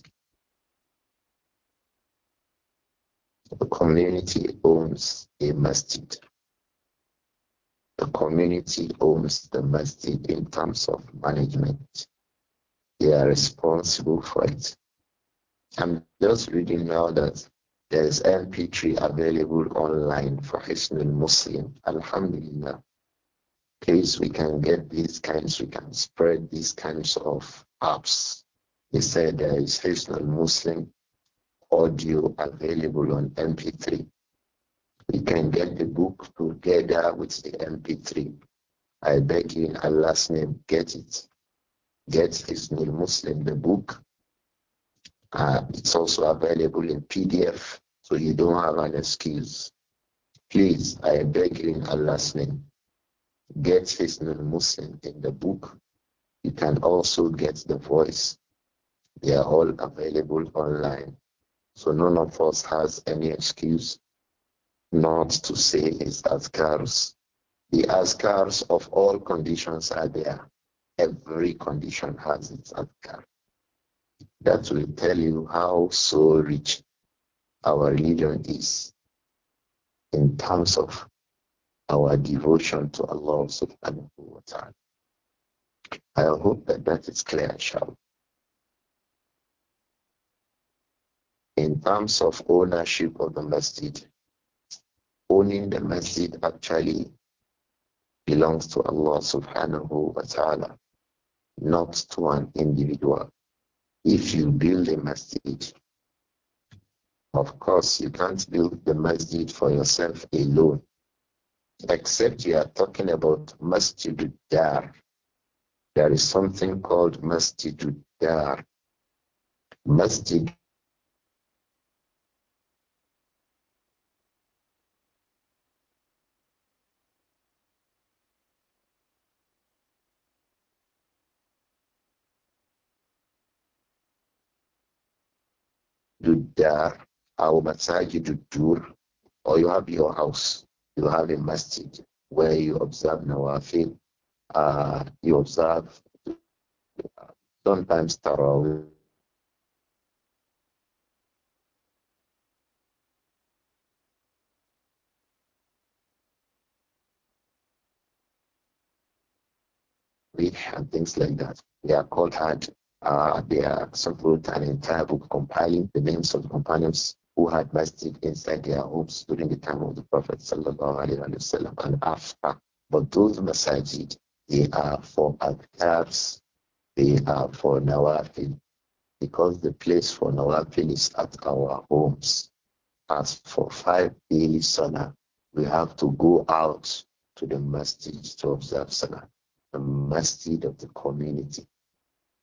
The community owns a masjid. The community owns the masjid in terms of management. They are responsible for it. I'm just reading now that there is MP3 available online for Hisnul Muslim. Alhamdulillah case we can get these kinds, we can spread these kinds of apps. He said there is Hisnul Muslim audio available on MP3. We can get the book together with the MP3. I beg you in Allah's name, get it. Get Hisnul Muslim, the book. Uh, it's also available in PDF, so you don't have an excuse. Please, I beg you in Allah's name gets his Muslim in the book, you can also get the voice. They are all available online. So none of us has any excuse not to say his askars. The askars of all conditions are there. Every condition has its askar. That will tell you how so rich our religion is in terms of our devotion to Allah subhanahu wa ta'ala. I hope that that is clear, inshallah. In terms of ownership of the masjid, owning the masjid actually belongs to Allah subhanahu wa ta'ala, not to an individual. If you build a masjid, of course, you can't build the masjid for yourself alone. Except you are talking about Masjid Dar. There is something called Masjid Dar. Masjid Dar, our Masajid Dur, or you have your house you have a masjid where you observe nawafil, uh, you observe uh, sometimes tarawih. and things like that. They are called hard. Uh, they are some and entire book compiling the names of the companions who had masjid inside their homes during the time of the Prophet وسلم, and after. But those masajid, they are for adhabs, they are for nawafil, because the place for nawafil is at our homes. As for five daily salah, we have to go out to the masjid to observe salah, the masjid of the community.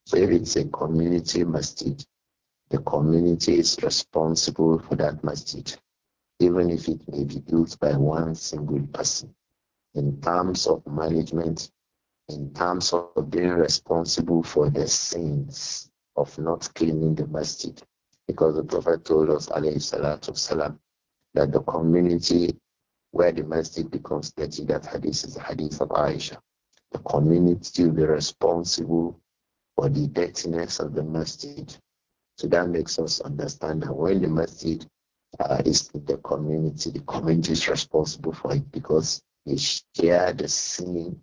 So if it's a community masjid, the community is responsible for that masjid, even if it may be built by one single person. In terms of management, in terms of being responsible for the sins of not cleaning the masjid, because the Prophet told us, alayhi salatu salam, that the community where the masjid becomes dirty, that hadith is the hadith of Aisha. The community will be responsible for the dirtiness of the masjid so that makes us understand that when the masjid uh, is in the community, the community is responsible for it because they share the singing,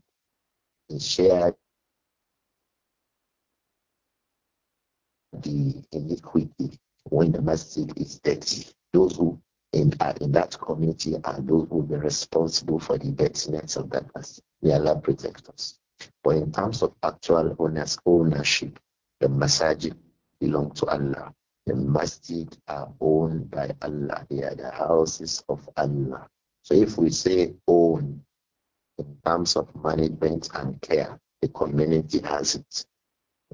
they share the iniquity when the masjid is dirty. Those who in, uh, in that community are those who will be responsible for the dirtiness of that masjid. We are protect protectors. But in terms of actual owners, ownership, the masjid belong to Allah. The masjid are owned by Allah. They are the houses of Allah. So if we say own in terms of management and care, the community has it.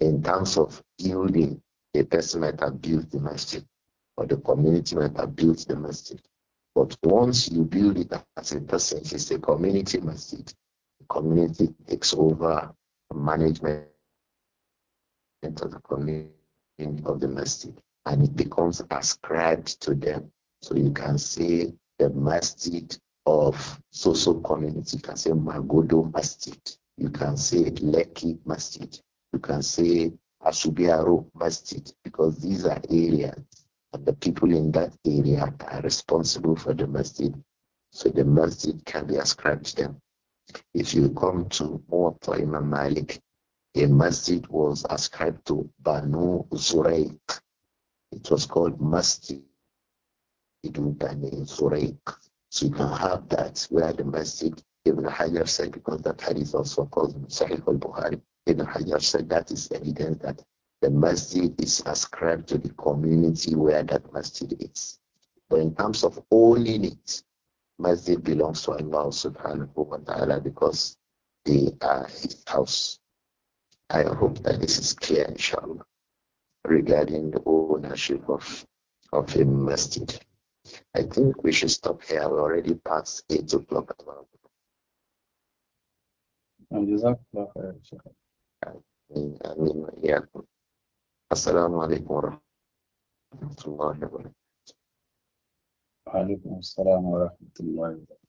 In terms of building, the person might have built the masjid or the community might have built the masjid. But once you build it as a person, it's a community masjid. The community takes over management of the community in of the masjid and it becomes ascribed to them. So you can say the masjid of social community. You can say Magodo Masjid. You can say Leki Masjid. You can say Ashubiaro Masjid because these are areas and the people in that area are responsible for the masjid. So the masjid can be ascribed to them. If you come to Muwatta Imam Malik, a masjid was ascribed to Banu Zuraik. It was called Masjid Banu Zuraik. So you can have that where the masjid Ibn Hajar said, because that hadith also called Sahih al Bukhari, Ibn Hajar said that is evidence that the masjid is ascribed to the community where that masjid is. But in terms of owning it, masjid belongs to Allah subhanahu wa ta'ala because they are his house. I hope that this is clear, inshallah, regarding the ownership of, of a masjid. I think we should stop here. we already passed 8 o'clock. آمين وإياكم السلام عليكم ورحمة الله وبركاته وعليكم السلام ورحمة الله وبركاته